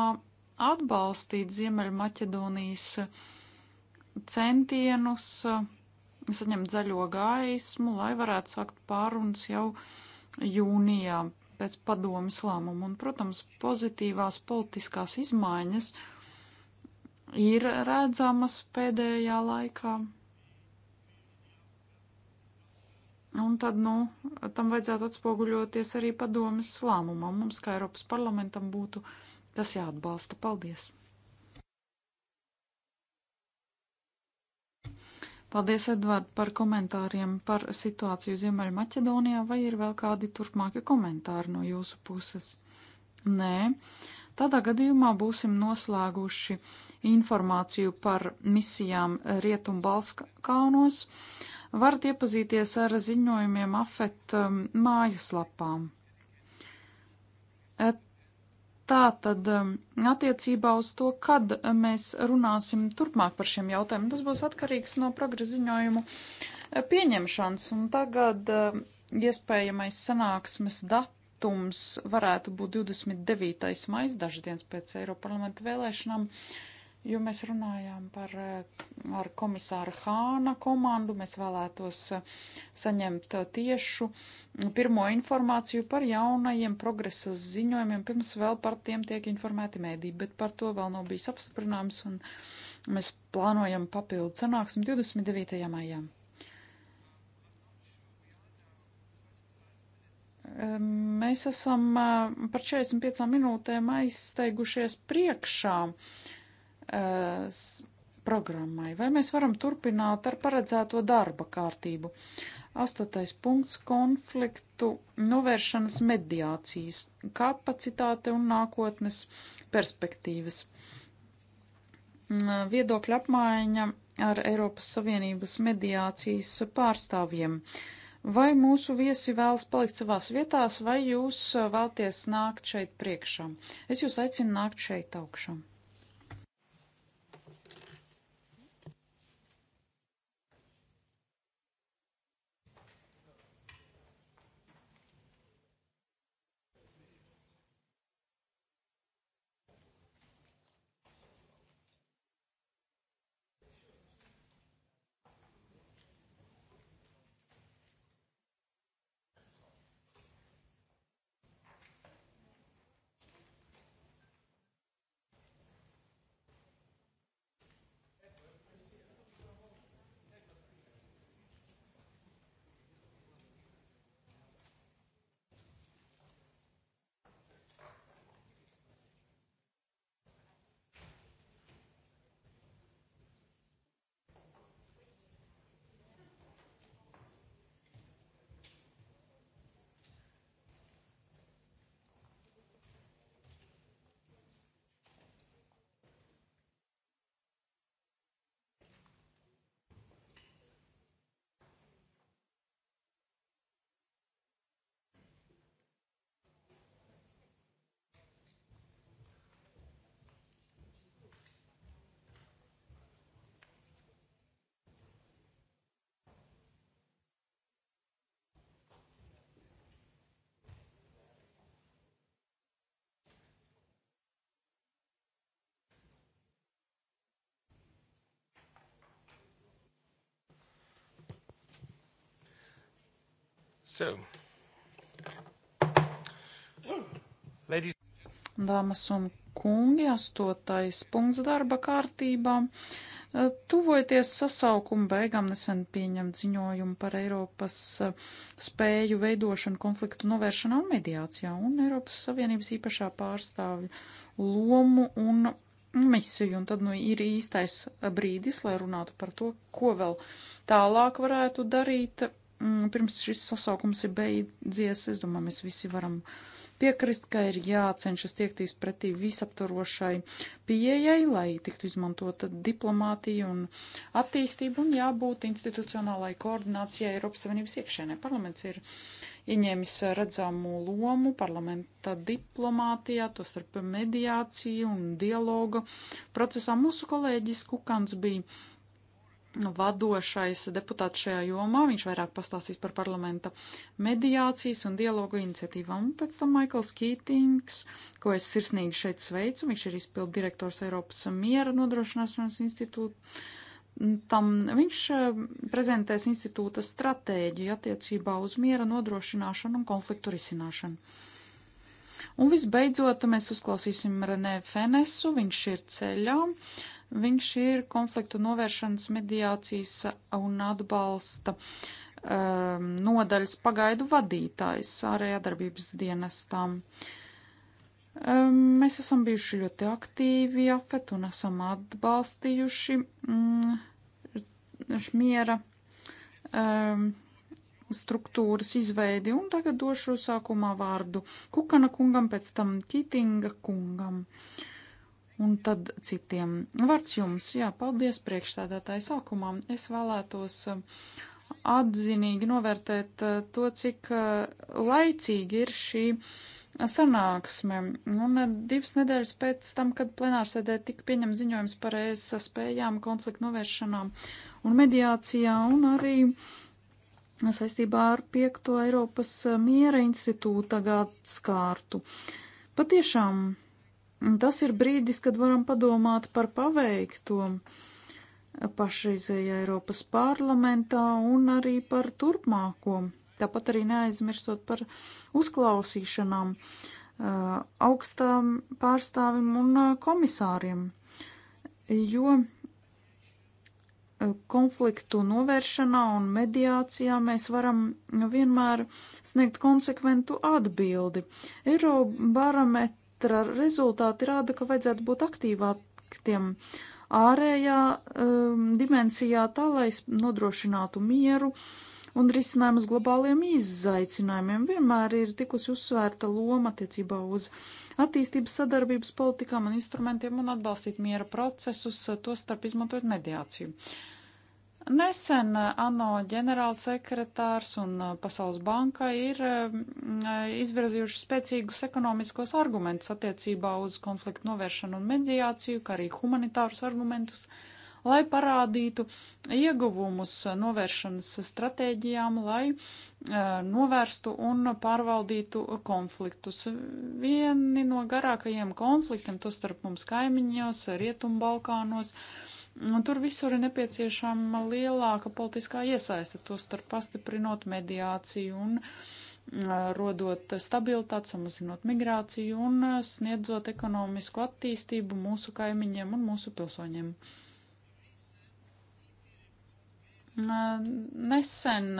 Speaker 1: atbalstīt Ziemeļmaķedonijas centienus eh, saņemt zaļo gaismu, lai varētu sākt pārunas jau jūnijā pēc padomas lēmuma. Un, protams, pozitīvās politiskās izmaiņas ir redzamas pēdējā laikā. Un tad, nu, tam vajadzētu atspoguļoties arī padomas lēmumam. Mums, kā Eiropas parlamentam, būtu tas jāatbalsta. Paldies! Paldies, Edvard, par komentāriem par situāciju Ziemeļmaķedonijā, vai ir vēl kādi turpmāki komentāri no jūsu puses? Nē, tādā gadījumā būsim noslēguši informāciju par misijām Rietumbalskānos varat iepazīties ar ziņojumiem afet um, mājaslapām. Tā tad um, attiecībā uz to, kad mēs runāsim turpmāk par šiem jautājumiem, tas būs atkarīgs no progresa ziņojumu eh, pieņemšanas. Un tagad um, iespējamais sanāksmes dati datums varētu būt 29. maija, dažas dienas pēc Eiroparlamenta vēlēšanām. Uh, jo mēs runājām par eh, ar komisāra Hāna komandu. Mēs vēlētos eh, saņemt eh, tiešu mm, pirmo informāciju par jaunajiem progresa ziņojumiem, pirms vēl par tiem tiek informēti mēdī, bet par to vēl nav bijis apsprināms, un mēs plānojam papildu sanāksim 29. maijā. Mēs esam par 45 minūtēm aizsteigušies priekšā. Uh, uh, programmai. Vai mēs varam turpināt ar paredzēto darba kārtību? Astotais punkts - konfliktu novēršanas mediācijas kapacitāte un nākotnes perspektīvas. Mm, viedokļa apmaiņa ar Eiropas Savienības mediācijas pārstāvjiem. Vai mūsu viesi vēlas palikt savās vietās, vai jūs uh, vēlties nākt šeit priekšā? Es jūs aicinu nākt šeit augšām.
Speaker 2: So, ladies.
Speaker 1: Dāmas un kungi, astotais punkts darba kārtībā. Eh, tuvojoties sasaukuma beigām, nesen pieņemt ziņojumu par Eiropas eh, spēju veidošanu konfliktu novēršanā un mediācijā un Eiropas Savienības īpašā pārstāvju lomu un misiju. Un tad nu, ir īstais brīdis, lai runātu par to, ko vēl tālāk varētu darīt Mm, pirms šis sasaukums ir beidzies, es domāju, mēs visi varam piekrist, ka ir jācenšas tiekties pretī visaptvarošai pieejai, lai tiktu izmantota diplomātija un attīstība un jābūt institucionālai koordinācijai Eiropas Savienības iekšēnē. Parlaments ir ieņēmis redzamu lomu parlamenta diplomātijā, to starp mediāciju un dialogu procesā. Mūsu kolēģis Kukans bija vadošais deputāts šajā jomā. Viņš vairāk pastāstīs par parlamenta mediācijas un dialogu iniciatīvām. Pēc tam Maikls Kītings, ko es sirsnīgi šeit sveicu, viņš ir izpildu direktors Eiropas miera nodrošināšanas institūta. Tam viņš eh, prezentēs institūta stratēģiju attiecībā uz miera nodrošināšanu un konfliktu risināšanu. Un visbeidzot, mēs uzklausīsim Renē Fenesu, viņš ir ceļā Viņš ir konfliktu novēršanas, mediācijas un atbalsta um, nodaļas pagaidu vadītājs ārējā darbības dienestām. Um, mēs esam bijuši ļoti aktīvi afet un esam atbalstījuši mm, miera um, struktūras izveidi, un tagad došu sākumā vārdu Kukana kungam, pēc tam Kitinga kungam. Uh, un tad citiem. Vārds jums, jā, paldies priekšstādātāji sākumā. Es vēlētos um, atzinīgi novērtēt uh, to, cik uh, laicīgi ir šī sanāksme. Un uh, divas nedēļas pēc tam, kad plenārsēdē tika pieņemts ziņojums par ES spējām, konfliktu novēršanām un mediācijā, un arī saistībā ar 5. Eiropas miera institūta gads kārtu. Patiešām Tas ir brīdis, kad varam padomāt par paveikto pašreizējā Eiropas parlamentā un arī par turpmāko. Tāpat arī neaizmirstot par uzklausīšanām augstām pārstāvim un komisāriem, jo konfliktu novēršanā un mediācijā mēs varam vienmēr sniegt konsekventu atbildi. Eirobarometrs spektra rezultāti rāda, ka vajadzētu būt aktīvākiem ārējā um, dimensijā, tā lai nodrošinātu mieru un risinājumus globāliem izaicinājumiem. Vienmēr ir tikusi uzsvērta loma attiecībā uz attīstības sadarbības politikām un instrumentiem un atbalstīt miera procesus, to starp izmantojot mediāciju. Uh, Nesen eh, ANO ģenerālsekretārs un eh, Pasaules banka ir eh, izvirzījuši spēcīgus ekonomiskos argumentus attiecībā uz konfliktu novēršanu un mediāciju, kā arī humanitārus argumentus, lai parādītu ieguvumus novēršanas stratēģijām, lai novērstu un pārvaldītu konfliktus. Vieni no garākajiem konfliktiem, tostarp mums kaimiņos, Rietumbalkānos, Balkānos, Un tur visur ir nepieciešama lielāka politiskā iesaiste, to starp pastiprinot mediāciju un rodot stabilitāti, samazinot migrāciju un sniedzot ekonomisku attīstību mūsu kaimiņiem un mūsu pilsoņiem. Nesen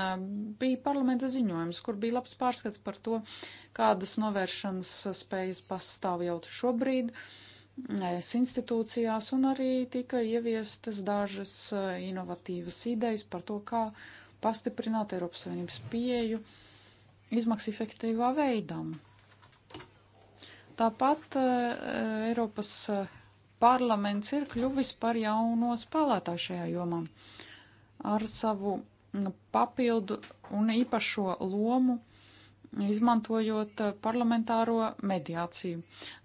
Speaker 1: bija parlamenta ziņojums, kur bija labs pārskats par to, kādas novēršanas spējas pastāv jau šobrīd. Uh, es institūcijās, un arī tika ieviestas dažas eh, inovatīvas idejas par to, kā pastiprināt Eiropas Savienības pieeju izmaksu efektīvā veidam. Tāpat eh, Eiropas eh, parlaments ir kļuvis par jauno spēlētāju šajā jomā ar savu mm, papildu un īpašo lomu izmantojot eh, parlamentāro mediāciju.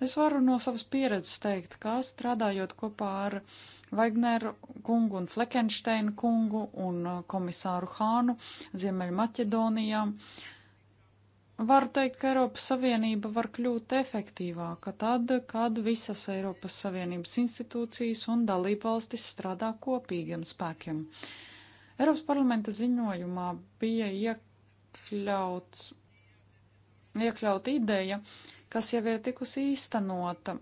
Speaker 1: Es varu no savas pieredzes teikt, kā strādājot kopā ar Vaigneru kungu un Fleckensteinu kungu un eh, komisāru Hānu Ziemeļmaķedonijā, varu teikt, ka Eiropas Savienība var kļūt efektīvāka tad, kad visas Eiropas Savienības institūcijas un dalībvalstis strādā kopīgiem spēkiem. Eiropas parlamenta ziņojumā bija iekļauts iekļaut ideja, kas jau ir tikusi īstenota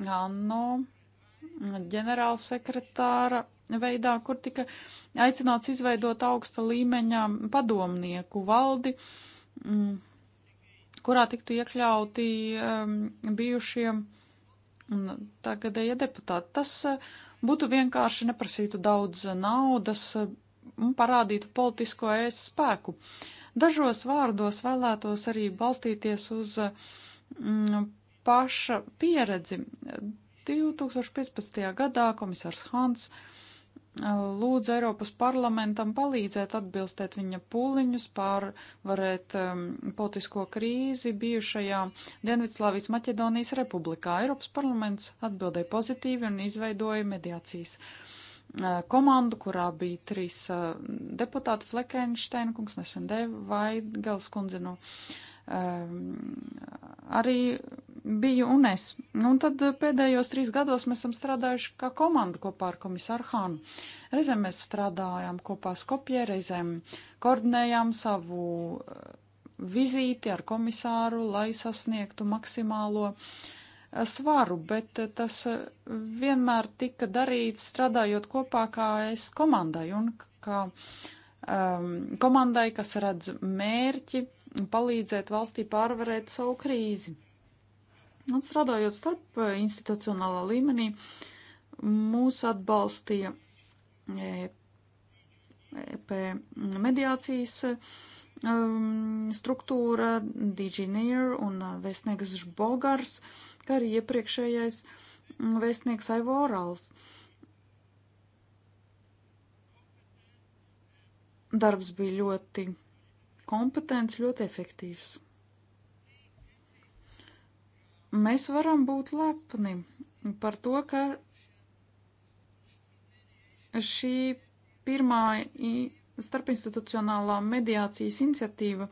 Speaker 1: ANO ģenerāla sekretāra veidā, kur tika aicināts izveidot augsta līmeņa padomnieku valdi, mm, kurā tiktu iekļauti ehm, bijušie un tagadēja deputāti. Tas eh, būtu vienkārši neprasītu daudz naudas eh, un parādītu politisko ēst spēku. Uh, Dažos vārdos vēlētos arī balstīties uz mm, paša pieredzi. 2015. gadā komisārs Hans eh, lūdza Eiropas parlamentam palīdzēt atbilstēt viņa pūliņus, pārvarēt um, ehm, politisko krīzi bijušajā Dienvidslāvijas Maķedonijas republikā. Eiropas parlaments atbildēja pozitīvi un izveidoja mediācijas uh, komandu, kurā bija trīs deputāti - Flekenšteina kungs, Nesendē, Vaidgals kundze, nu, arī biju un es. Nu, un tad pēdējos trīs gados mēs esam strādājuši kā komanda kopā ar komisāru Hānu. Reizēm mēs strādājām kopā Skopjē, reizēm koordinējām savu vizīti ar komisāru, lai sasniegtu maksimālo uh, svaru, bet eh, tas eh, vienmēr tika darīts strādājot kopā kā es komandai un kā um, komandai, kas redz mērķi palīdzēt valstī pārvarēt savu krīzi. Un strādājot starp eh, institucionālā līmenī, mūs atbalstīja EP e mediācijas um, struktūra, Digineer un uh, vēstnieks Žbogars, kā arī iepriekšējais mm, vēstnieks Aivo Orals. Darbs bija ļoti kompetents, ļoti efektīvs. Mēs varam būt lepni par to, ka šī pirmā starpinstitucionālā mediācijas iniciatīva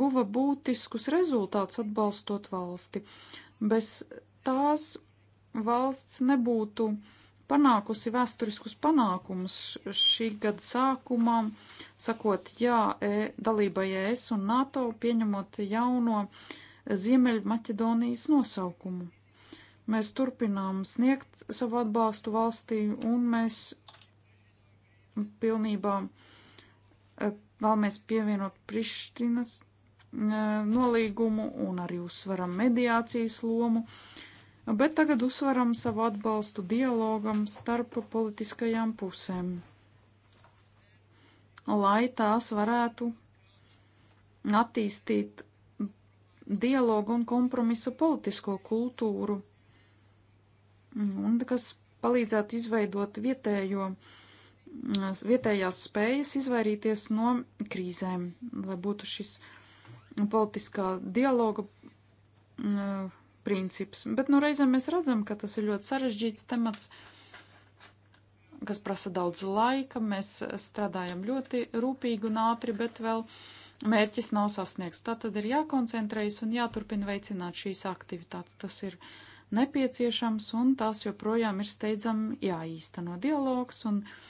Speaker 1: guva būtiskus rezultātus atbalstot valsti. Bez tās valsts nebūtu panākusi vēsturiskus panākumus šī gada sākumā, sakot jā e, dalībai ES un NATO, pieņemot jauno Ziemeļmaķedonijas nosaukumu. Mēs turpinām sniegt savu atbalstu valstī un mēs pilnībā uh, Eh, vēlamies pievienot Prištinas eh, nolīgumu un arī uzsveram mediācijas lomu, bet tagad uzsveram savu atbalstu dialogam starp politiskajām pusēm, lai tās varētu attīstīt dialogu un kompromisa politisko kultūru, un kas palīdzētu izveidot vietējo uh, vietējās spējas izvairīties no krīzēm, lai būtu šis politiskā dialoga mm, princips. Bet nu reizēm mēs redzam, ka tas ir ļoti sarežģīts temats, kas prasa daudz laika, mēs strādājam ļoti rūpīgi un ātri, bet vēl mērķis nav sasniegts. Tā tad ir jākoncentrējas un jāturpina veicināt šīs aktivitātes. Tas ir nepieciešams un tās joprojām ir steidzami jāīsteno dialogs un dialogs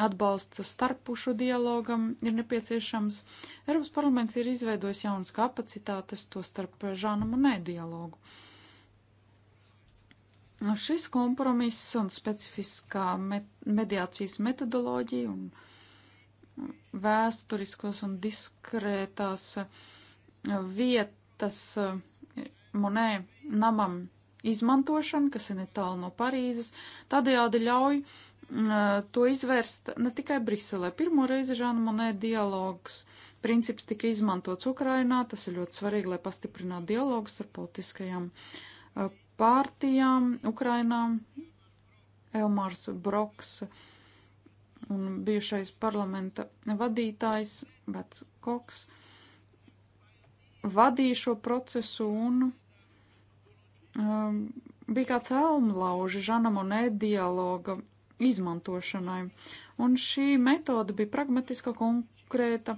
Speaker 1: atbalsts starppušu dialogam ir nepieciešams. Eiropas parlaments ir izveidojis jaunas kapacitātes to starp Žānu Monē dialogu. Šis kompromiss un specifiskā met mediācijas metodoloģija un vēsturiskos un diskrētās vietas Monē namam izmantošana, kas ir netālu no Parīzes, tādējādi ļauj Eh, to izvērst ne tikai Briselē. Pirmo reizi Žāna Monē dialogs princips tika izmantots Ukrainā. Tas ir ļoti svarīgi, lai pastiprinātu dialogus ar politiskajām eh, pārtijām Ukrainā. Elmārs Broks un bijušais parlamenta vadītājs Bets Koks vadīja šo procesu un um, bija kāds elmlauži Žana Monē dialoga izmantošanai. Un šī metode bija pragmatiska, konkrēta,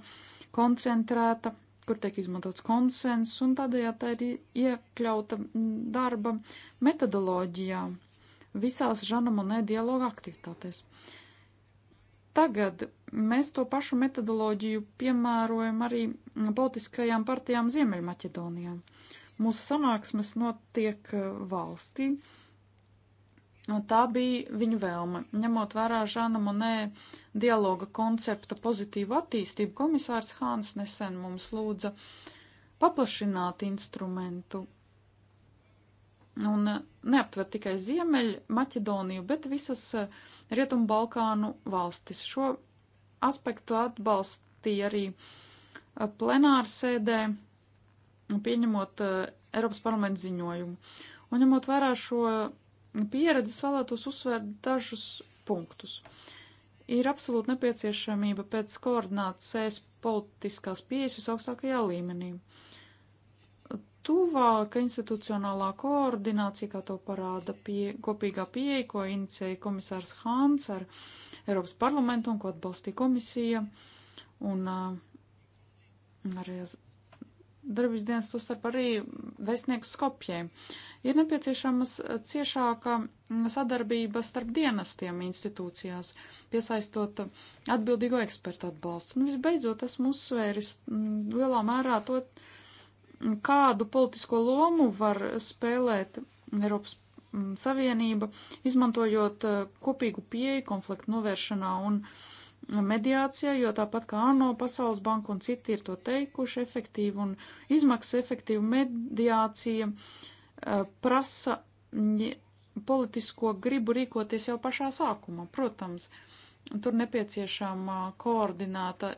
Speaker 1: koncentrēta, kur tiek izmantots konsens, un tādējādi tā ir iekļauta darba metodoloģijā visās Žana Monē dialoga aktivitātēs. Tagad mēs to pašu metodoloģiju piemērojam arī politiskajām partijām Ziemeļmaķedonijā. Mūsu sanāksmes notiek eh, valstī, uh, Nu, tā bija viņa vēlme. Ņemot vērā Žana Monē dialoga koncepta pozitīvu attīstību, komisārs Hāns nesen mums lūdza paplašināt instrumentu un neaptver tikai Ziemeļu Maķedoniju, bet visas eh, Rietumu Balkānu valstis. Šo aspektu atbalstīja arī eh, plenārsēdē, pieņemot eh, Eiropas parlamentu ziņojumu. Un ņemot vērā šo Nu, pieredzes vēlētos uzsvērt dažus punktus. Ir absolūti nepieciešamība pēc koordinācijas politiskās pieejas visaugstākajā līmenī. Tuvāka institucionālā koordinācija, kā to parāda pie, kopīgā pieeja, ko inicēja komisārs Hāns ar Eiropas parlamentu un ko atbalstīja komisija un uh, arī darbības dienas, tostarp arī vēstnieks Skopjē. Ir nepieciešamas ciešāka sadarbība starp dienestiem institūcijās, piesaistot atbildīgo ekspertu atbalstu. Un visbeidzot, esmu uzsvēris mm, lielā mērā to, kādu politisko lomu var spēlēt Eiropas mm, Savienība, izmantojot eh, kopīgu pieeju konfliktu novēršanā un uh, mediācijai, jo tāpat kā ANO, Pasaules banka un citi ir to teikuši, efektīva un izmaksas efektīva mediācija eh, prasa politisko gribu rīkoties jau pašā sākumā. Protams, tur nepieciešama koordināta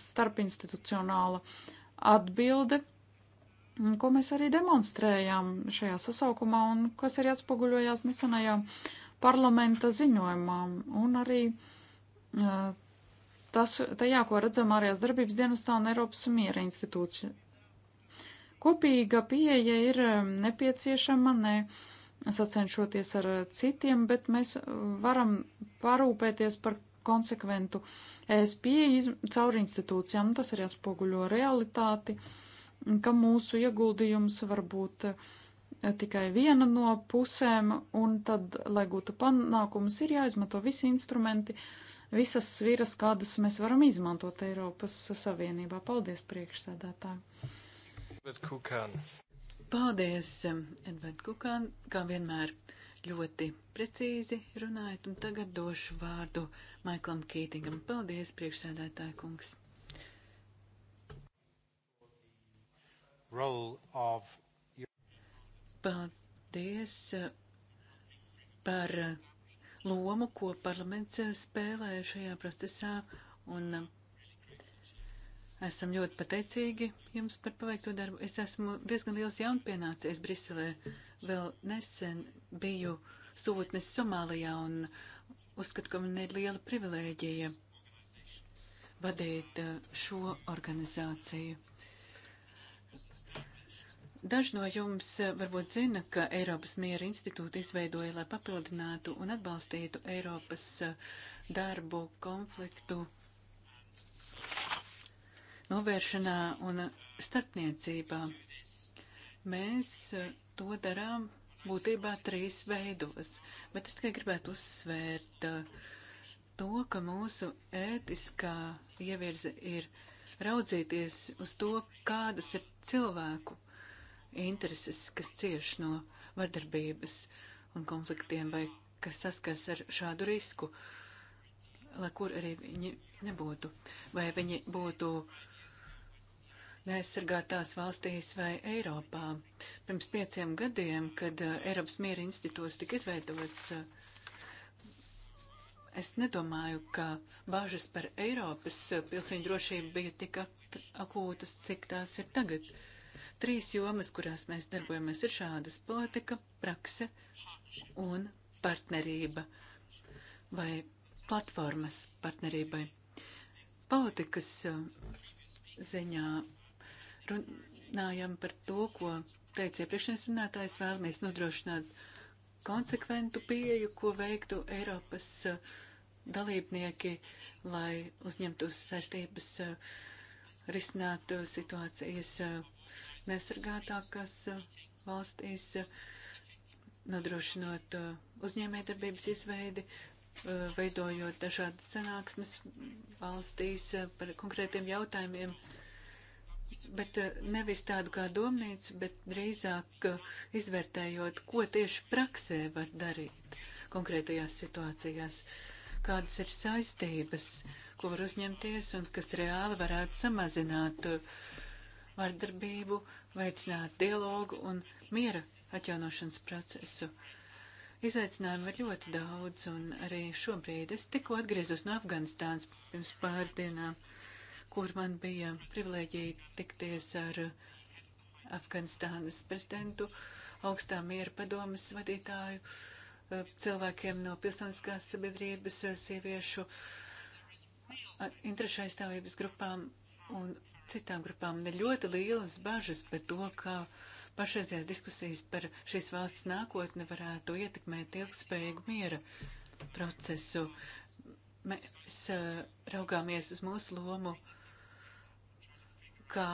Speaker 1: starpinstitucionāla atbilde, ko mēs arī demonstrējām šajā sasaukumā un kas arī atspoguļojās nesenajā parlamenta ziņojumā un arī uh, tas, tajā, ko redzam ārējās darbības dienestā un Eiropas miera institūcija. Kopīga pieeja ir um, nepieciešama, ne sacenšoties ar uh, citiem, bet mēs uh, varam parūpēties par konsekventu ES pieeju caur institūcijām. Tas arī atspoguļo realitāti, ka mūsu ieguldījums var būt uh, tikai viena no pusēm, un tad, lai gūtu panākumus, ir jāizmanto visi instrumenti, visas sviras, kādas mēs varam izmantot Eiropas Savienībā. Paldies, priekšsēdētāji! Paldies, Edvard
Speaker 2: Kukan, kā vienmēr ļoti precīzi runājat, un tagad došu vārdu Maiklam Kītingam. Paldies, priekšsēdētāja kungs.
Speaker 1: Role of
Speaker 2: Paldies eh, par eh, lomu, ko parlaments eh, spēlē šajā procesā, un esam ļoti pateicīgi jums par paveikto darbu. Es esmu diezgan liels jaunpienācējs Briselē. Vēl nesen biju sūtnes Somālijā un uzskatu, ka man ir liela privilēģija vadīt šo organizāciju. Daži no jums eh, varbūt zina, ka Eiropas miera institūta izveidoja, lai papildinātu un atbalstītu Eiropas eh, darbu konfliktu novēršanā un eh, starpniecībā. Mēs to darām būtībā trīs veidos, bet es tikai gribētu uzsvērt to, ka mūsu ētiskā ievirze ir raudzīties uz to, kādas ir cilvēku intereses, kas cieš no vardarbības un konfliktiem vai kas saskars ar šādu risku, lai kur arī viņi nebūtu, vai viņi būtu neaizsargātās valstīs vai Eiropā. Pirms pieciem gadiem, kad uh, Eiropas miera institūts tika izveidots, uh, es nedomāju, ka bāžas par Eiropas uh, pilsēņu drošību bija tik akūtas, cik tās ir tagad. Uh, Trīs jomas, kurās mēs darbojamies, ir šādas - politika, prakse un partnerība vai platformas partnerībai. Politikas eh, ziņā runājam par to, ko teica iepriekšējais runātājs, vēlamies nodrošināt konsekventu pieeju, ko veiktu Eiropas eh, dalībnieki, lai uzņemtos saistības eh, risināt situācijas nesargātākās valstīs, nodrošinot uh, uzņēmējdarbības izveidi, uh, veidojot dažādas sanāksmes valstīs uh, par konkrētiem jautājumiem, bet nevis tādu kā domnīcu, bet drīzāk izvērtējot, ko tieši praksē var darīt konkrētajās situācijās, kādas ir saistības, ko var uzņemties un kas reāli varētu samazināt uh, vardarbību, veicināt dialogu un miera atjaunošanas procesu. Izaicinājumu ir ļoti daudz, un arī šobrīd es tikko atgriezos no Afganistānas pirms pāris dienām, kur man bija privilēģija tikties ar Afganistānas prezidentu, augstā miera padomas vadītāju, cilvēkiem no pilsoniskās sabiedrības, sieviešu interešu aizstāvības grupām un citām grupām ir ļoti lielas bažas par to, ka pašreizējās diskusijas par šīs valsts nākotni varētu ietekmēt ilgspējīgu miera procesu. Mēs uh, raugāmies uz mūsu lomu kā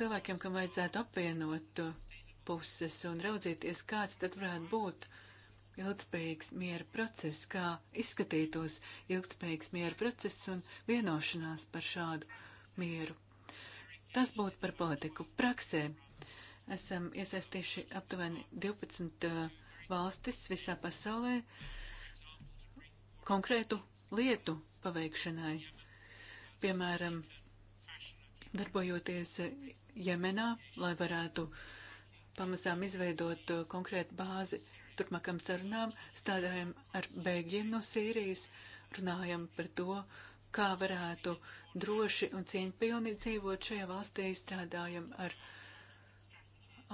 Speaker 2: cilvēkiem, kam vajadzētu apvienot puses un raudzīties, kāds tad varētu būt ilgspējīgs miera process, kā izskatītos ilgspējīgs miera process un vienošanās par šādu mieru Tas būtu par politiku. Praksē esam iesaistījuši aptuveni 12 uh, valstis visā pasaulē konkrētu lietu paveikšanai. Piemēram, darbojoties Jemenā, lai varētu pamazām izveidot uh, konkrētu bāzi turpmākam sarunām, stādājam ar bēgļiem no Sīrijas, runājam par to, uh, kā varētu droši un cieņpilni dzīvot šajā valstī. Strādājam ar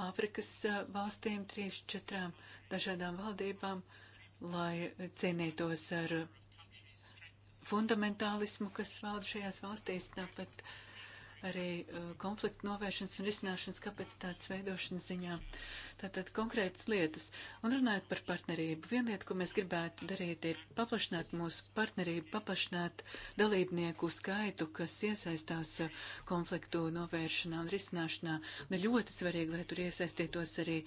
Speaker 2: Āfrikas eh, valstīm, trīs, četrām dažādām valdībām, lai cīnītos ar fundamentālismu, kas valda šajās valstīs, tāpat arī uh, konfliktu novēršanas un risināšanas kapacitātes veidošanas ziņā. Tātad konkrētas lietas. Un runājot par partnerību, viena lieta, ko mēs gribētu darīt, ir paplašināt mūsu partnerību, paplašināt dalībnieku skaitu, kas iesaistās uh, konfliktu novēršanā un risināšanā. Un ir ļoti svarīgi, lai tur iesaistītos arī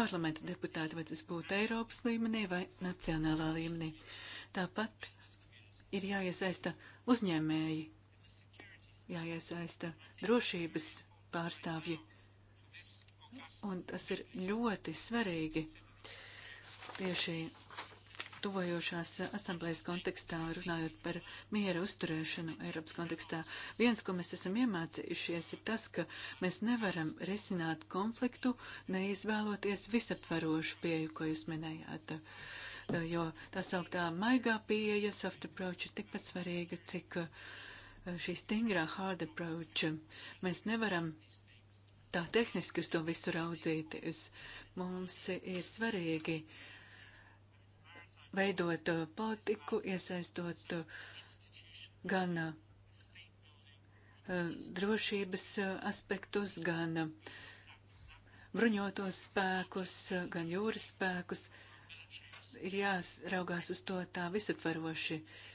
Speaker 2: parlamenta deputāti, vai tas būtu Eiropas līmenī vai nacionālā līmenī. Tāpat ir jāiesaista uzņēmēji jāiesaista drošības pārstāvji. Un tas ir ļoti svarīgi tieši tuvojošās asamblējas kontekstā, runājot par miera uzturēšanu Eiropas kontekstā. Viens, ko mēs esam iemācījušies, ir tas, ka mēs nevaram risināt konfliktu, neizvēloties visaptvarošu pieju, ko jūs minējāt. Jo tā sauktā maigā pieeja, soft approach, ir tikpat svarīga, cik uh, šī stingrā hard approach. Mēs nevaram tā tehniski uz to visu raudzīties. Mums ir svarīgi veidot politiku, iesaistot gan eh, drošības aspektus, gan bruņotos spēkus, gan jūras spēkus.
Speaker 1: Ir jāraugās
Speaker 2: uz to tā visaptvaroši. Uh,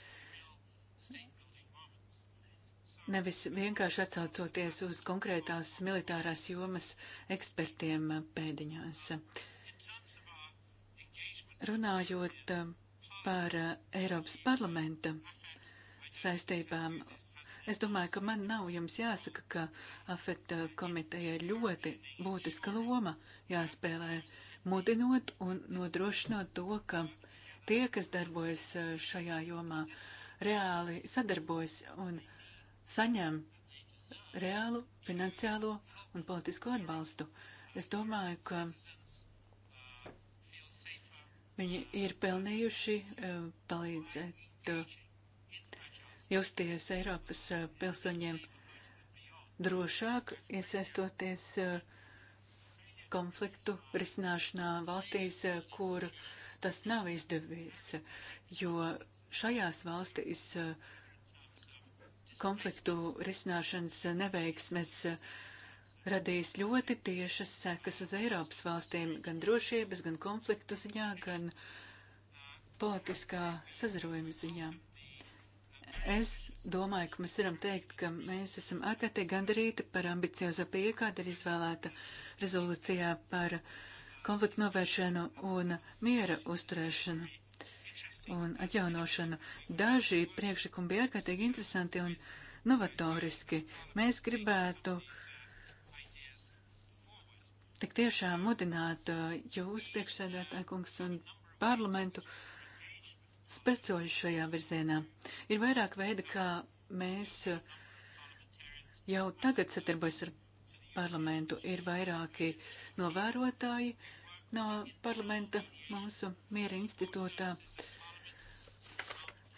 Speaker 2: nevis vienkārši atsaucoties uz konkrētās militārās jomas ekspertiem pēdiņās. Runājot um, par uh, Eiropas parlamenta saistībām, es domāju, ka man nav jums jāsaka, ka AFET uh, komitejai ļoti būtiska loma jāspēlē, mudinot un nodrošinot to, ka tie, kas darbojas uh, šajā jomā, reāli sadarbojas un sadarbojas saņem reālu finansiālo un politisko atbalstu. Es domāju, ka viņi ir pelnījuši eh, palīdzēt eh, justies Eiropas eh, pilsoņiem drošāk, iesaistoties konfliktu risināšanā valstīs, kur tas nav izdevies, jo šajās valstīs uh, konfliktu risināšanas neveiksmes radīs ļoti tiešas sekas uz Eiropas valstīm, gan drošības, gan konfliktu ziņā, gan politiskā sazarojuma ziņā. Es domāju, ka mēs varam teikt, ka mēs esam ārkārtīgi gandarīti par ambiciozo pieeju, kāda ir izvēlēta rezolūcijā par konfliktu novēršanu un miera uzturēšanu un atjaunošanu. Daži priekšlikumi bija ārkārtīgi interesanti un novatoriski. Mēs gribētu tik tiešām mudināt uh, jūs, priekšsēdētāji kungs, un parlamentu specoļu šajā virzienā. Ir vairāk veidi, kā mēs uh, jau tagad sadarbojas ar parlamentu. Ir vairāki novērotāji no parlamenta mūsu miera institūtā. Uh,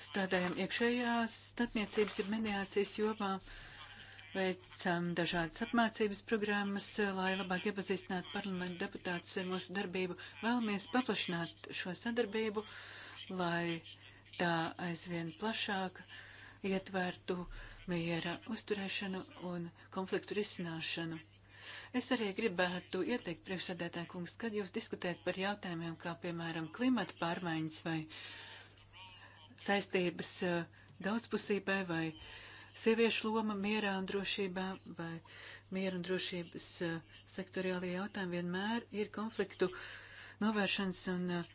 Speaker 2: strādājam iekšējās starpniecības ir mediācijas jomā, veicam dažādas apmācības programmas, lai labāk iepazīstinātu parlamentu deputātus ar mūsu darbību. Vēlamies paplašināt šo sadarbību, lai tā aizvien plašāk ietvertu miera uzturēšanu un konfliktu risināšanu. Es arī gribētu ieteikt priekšsēdētāju kungs, kad jūs diskutējat par jautājumiem, kā piemēram klimata pārmaiņas vai uh, saistības eh, daudzpusībai vai sieviešu loma mierā un drošībā vai miera un drošības eh, sektoriālajie jautājumi vienmēr ir konfliktu novēršanas un eh,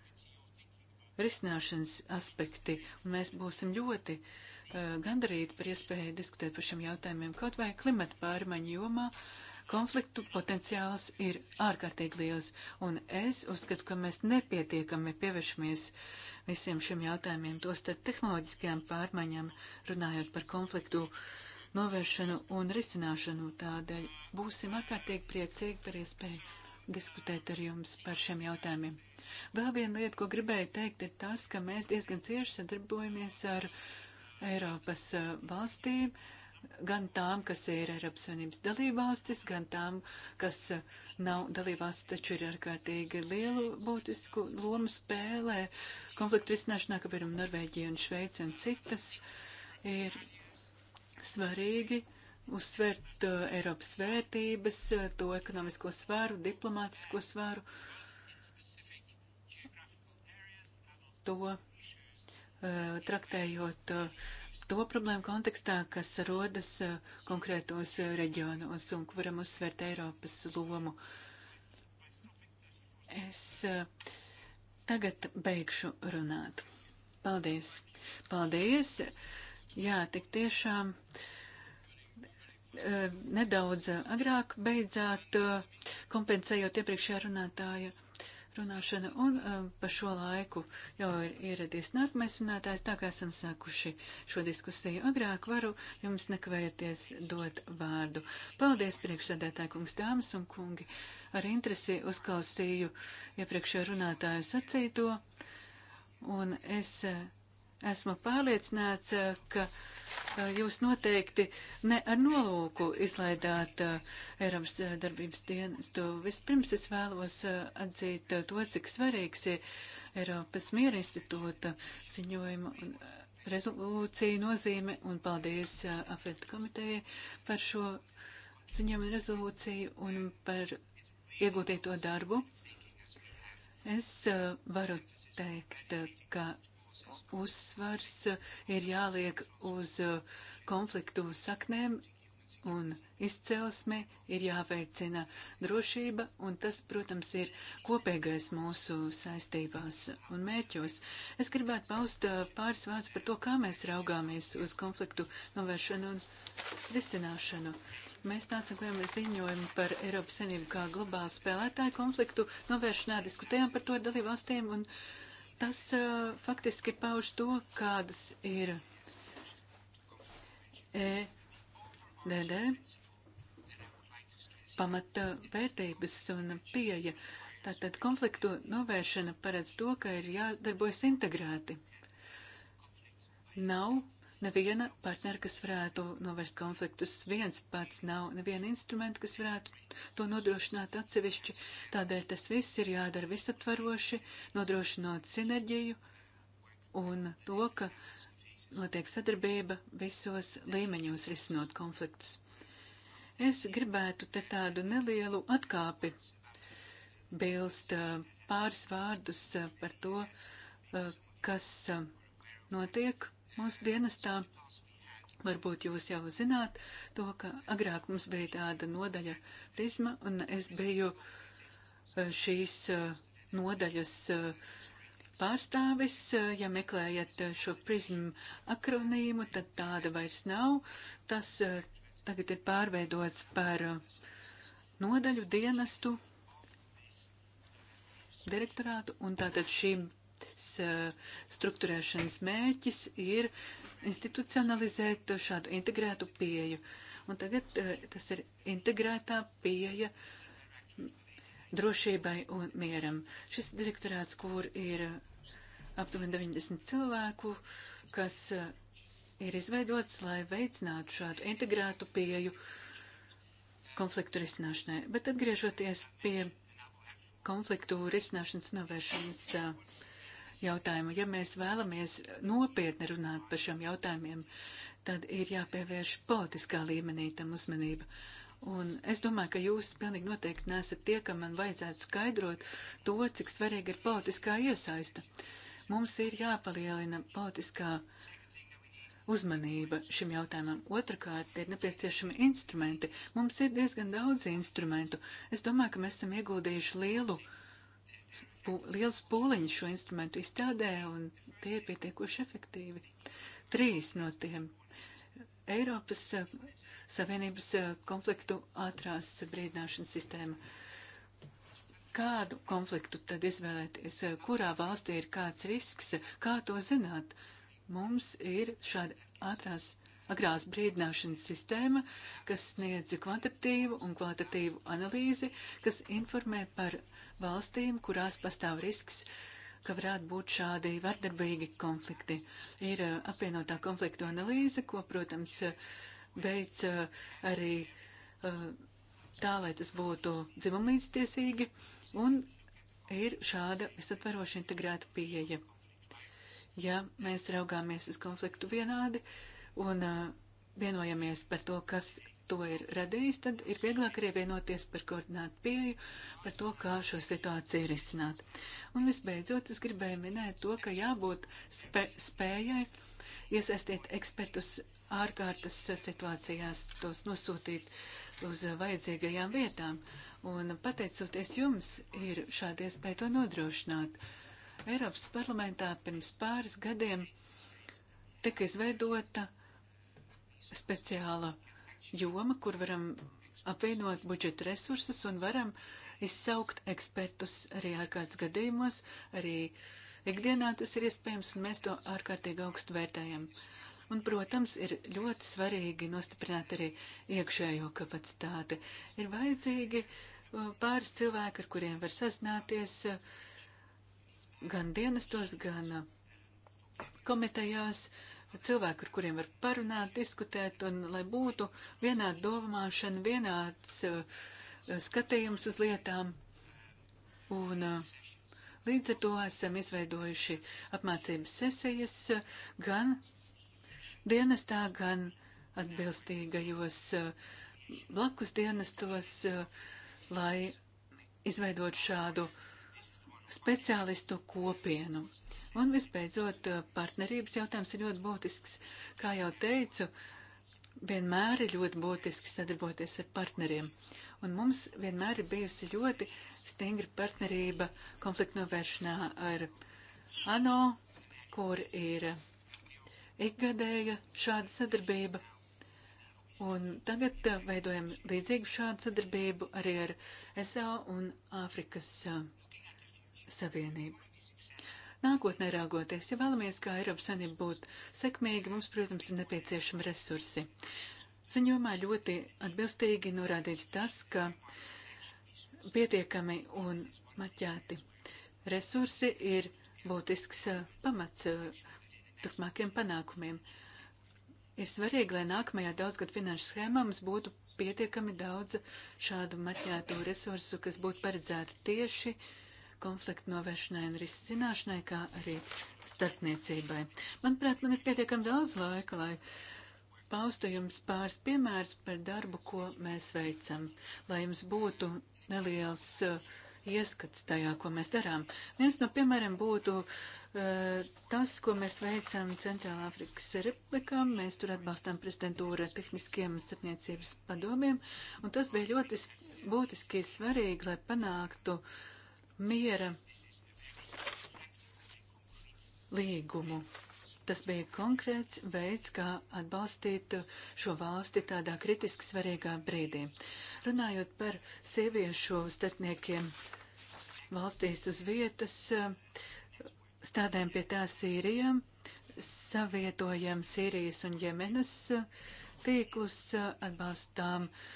Speaker 2: risināšanas aspekti. Un mēs būsim ļoti uh, gandarīti par iespēju diskutēt par šiem jautājumiem, kaut vai klimata pārmaiņu jomā. Uh, konfliktu potenciāls ir ārkārtīgi liels, un es uzskatu, ka mēs nepietiekami pievešamies visiem šiem jautājumiem, tostarp tehnoloģiskajām pārmaiņām, runājot par konfliktu novēršanu un risināšanu. Tādēļ būsim ārkārtīgi priecīgi par iespēju diskutēt ar jums par šiem jautājumiem. Vēl viena lieta, ko gribēju teikt, ir tas, ka mēs diezgan cieši sadarbojamies ar Eiropas eh, valstīm, uh, gan tām, kas ir Eiropas Savienības dalībvalstis, gan tām, kas eh, nav dalībvalstis, taču ir ārkārtīgi lielu būtisku lomu spēlē konfliktu risināšanā, kā piemēram Norvēģija un Šveica un citas, ir svarīgi uzsvērt eh, Eiropas vērtības, eh, to ekonomisko svaru, diplomātisko svaru, to traktējot uh, to problēmu kontekstā, kas rodas uh, konkrētos uh, reģionos un kur varam uzsvērt Eiropas lomu. Es uh, tagad beigšu runāt. Paldies! Paldies! Jā, tik tiešām nedaudz agrāk beidzāt, kompensējot iepriekšējā runātāja runāšana, un um, pa šo laiku jau ir ieradies nākamais runātājs, tā kā esam sākuši šo diskusiju agrāk, varu jums nekavējoties dot vārdu. Paldies, priekšsēdētāji kungs, dāmas un kungi, ar interesi uzklausīju iepriekšējo runātāju sacīto, un es uh, Esmu pārliecināts, eh, ka eh, jūs noteikti ne ar nolūku izlaidāt eh, Eiropas darbības dienestu. Vispirms es vēlos atzīt to, cik svarīgs ir Eiropas miera institūta ziņojuma rezolūcija nozīme, un paldies Afet komitejai par šo ziņojumu rezolūciju un par iegūtīto darbu. Es varu teikt, ka uzsvars eh, ir jāliek uz eh, konfliktu saknēm un izcelsme ir jāveicina drošība, un tas, protams, ir kopīgais mūsu saistībās un mērķos. Es gribētu paust eh, pāris vārdus par to, kā mēs raugāmies uz konfliktu novēršanu un risināšanu. Mēs nācam klajam ar ziņojumu par Eiropas Savienību kā globālu spēlētāju konfliktu novēršanā, diskutējām par to ar dalībvalstīm un uh, Tas uh, faktiski pauž to, kādas ir EDD pamata vērtības un pieeja. Tātad konfliktu novēršana paredz to, ka ir jādarbojas integrēti. Nav neviena partnera, kas varētu novērst konfliktus. Viens pats nav neviena instrumenta, kas varētu to nodrošināt atsevišķi. Tādēļ tas viss ir jādara visaptvaroši, nodrošinot sinerģiju un to, ka notiek sadarbība visos līmeņos risinot konfliktus. Es gribētu te tādu nelielu atkāpi bilst pāris vārdus par to, kas notiek mūsu dienestā. Varbūt jūs jau zināt to, ka agrāk mums bija tāda nodaļa prizma, un es biju e, šīs e, nodaļas e, pārstāvis. Ja meklējat šo prizmu akronīmu, tad tāda vairs nav. Tas tagad ir pārveidots par nodaļu dienestu direktorātu, un tātad šīm Eh, struktūrēšanas mērķis ir institucionalizēt šādu integrētu pieju. Un tagad eh, tas ir integrētā pieeja drošībai un mieram. Šis direktorāts, kur ir aptuveni 90 cilvēku, kas eh, ir izveidots, lai veicinātu šādu integrētu pieju konfliktu risināšanai. Bet atgriežoties pie konfliktu risināšanas novēršanas jautājumu. Ja mēs vēlamies nopietni runāt par šiem jautājumiem, tad ir jāpievērš politiskā līmenī tam uzmanība. Un es domāju, ka jūs pilnīgi noteikti nesat tie, kam man vajadzētu skaidrot to, cik svarīga ir politiskā iesaista. Mums ir jāpalielina politiskā uzmanība šim jautājumam. Otrakārt, ir nepieciešami instrumenti. Mums ir diezgan daudz instrumentu. Es domāju, ka mēs esam ieguldījuši lielu uh, pū, liels pūliņš šo instrumentu izstrādē, un tie ir pietiekoši efektīvi. Trīs no tiem - Eiropas eh, Savienības eh, konfliktu ātrās brīdināšanas sistēma. Kādu konfliktu tad izvēlēties? Kurā valstī ir kāds risks? Kā to zināt? Mums ir šāda ātrās agrās brīdināšanas sistēma, kas sniedz kvantitīvu un kvalitatīvu analīzi, kas informē par uh, valstīm, kurās pastāv risks, ka varētu būt šādi vardarbīgi konflikti. Ir eh, apvienotā konfliktu analīze, ko, protams, eh, veic eh, arī tā, lai tas būtu dzimumlīdztiesīgi, un ir šāda visatvaroša integrēta pieeja. Ja mēs raugāmies uz konfliktu vienādi un vienojamies par to, kas to ir radījis, tad ir vieglāk arī vienoties par koordinātu pieeju, par to, kā šo situāciju risināt. Un visbeidzot, es gribēju minēt to, ka jābūt spē spējai iesaistīt ekspertus ārkārtas situācijās, tos nosūtīt uz vajadzīgajām vietām. Un pateicoties jums, ir šāda iespēja to nodrošināt. Eiropas parlamentā pirms pāris gadiem tika izveidota speciāla uh, joma, kur varam apvienot budžeta resursus un varam izsaukt ekspertus arī ārkārtas gadījumos, arī ikdienā tas ir iespējams, un mēs to ārkārtīgi augstu vērtējam. Un, protams, ir ļoti svarīgi nostiprināt arī iekšējo kapacitāti. Ir vajadzīgi uh, pāris cilvēki, ar kuriem var sazināties uh, gan dienestos, gan uh, komitejās, uh, cilvēki, ar kuriem var parunāt, diskutēt, un lai būtu vienāda domāšana, vienāds uh, skatījums uz lietām. Un uh, līdz ar to esam izveidojuši apmācības sesijas uh, gan dienestā, gan atbilstīgajos blakus dienestos, lai izveidot šādu uh, speciālistu kopienu. Un visbeidzot, eh, partnerības jautājums ir ļoti būtisks. Kā jau teicu, vienmēr ir ļoti būtiski sadarboties ar partneriem. Un mums vienmēr ir bijusi ļoti stingra partnerība konfliktu novēršanā ar ANO, kur ir ikgadēja šāda sadarbība. Un tagad eh, veidojam līdzīgu šādu sadarbību arī ar SAO un Āfrikas eh, Savienību. Nākotnē raugoties, ja vēlamies, kā Eiropas Savienība būtu sekmīga, mums, protams, ir nepieciešami resursi. Ziņojumā ļoti atbilstīgi norādīts tas, ka pietiekami un maķēti resursi ir būtisks eh, pamats eh, turpmākiem panākumiem. Ir svarīgi, lai nākamajā daudzgad finanšu schēmā mums būtu pietiekami daudz šādu maķēto resursu, kas būtu paredzēti tieši uh, konfliktu novēršanai un risināšanai, kā arī starpniecībai. Manuprāt, man ir pietiekami daudz laika, lai paustu jums pāris piemērus par darbu, ko mēs veicam, lai jums būtu neliels uh, ieskats tajā, ko mēs darām. Viens no piemēriem būtu uh, tas, ko mēs veicam Centrālā Afrikas Republikā. Mēs tur atbalstām prezidentūru ar tehniskiem starpniecības padomiem, un tas bija ļoti būtiski svarīgi, lai panāktu uh, miera līgumu. Tas bija konkrēts veids, kā atbalstīt šo valsti tādā kritiski svarīgā brīdī. Runājot par sieviešu statniekiem valstīs uz vietas, strādājam pie tā Sīrijā, savietojam Sīrijas un Jemenas tīklus, atbalstām uh,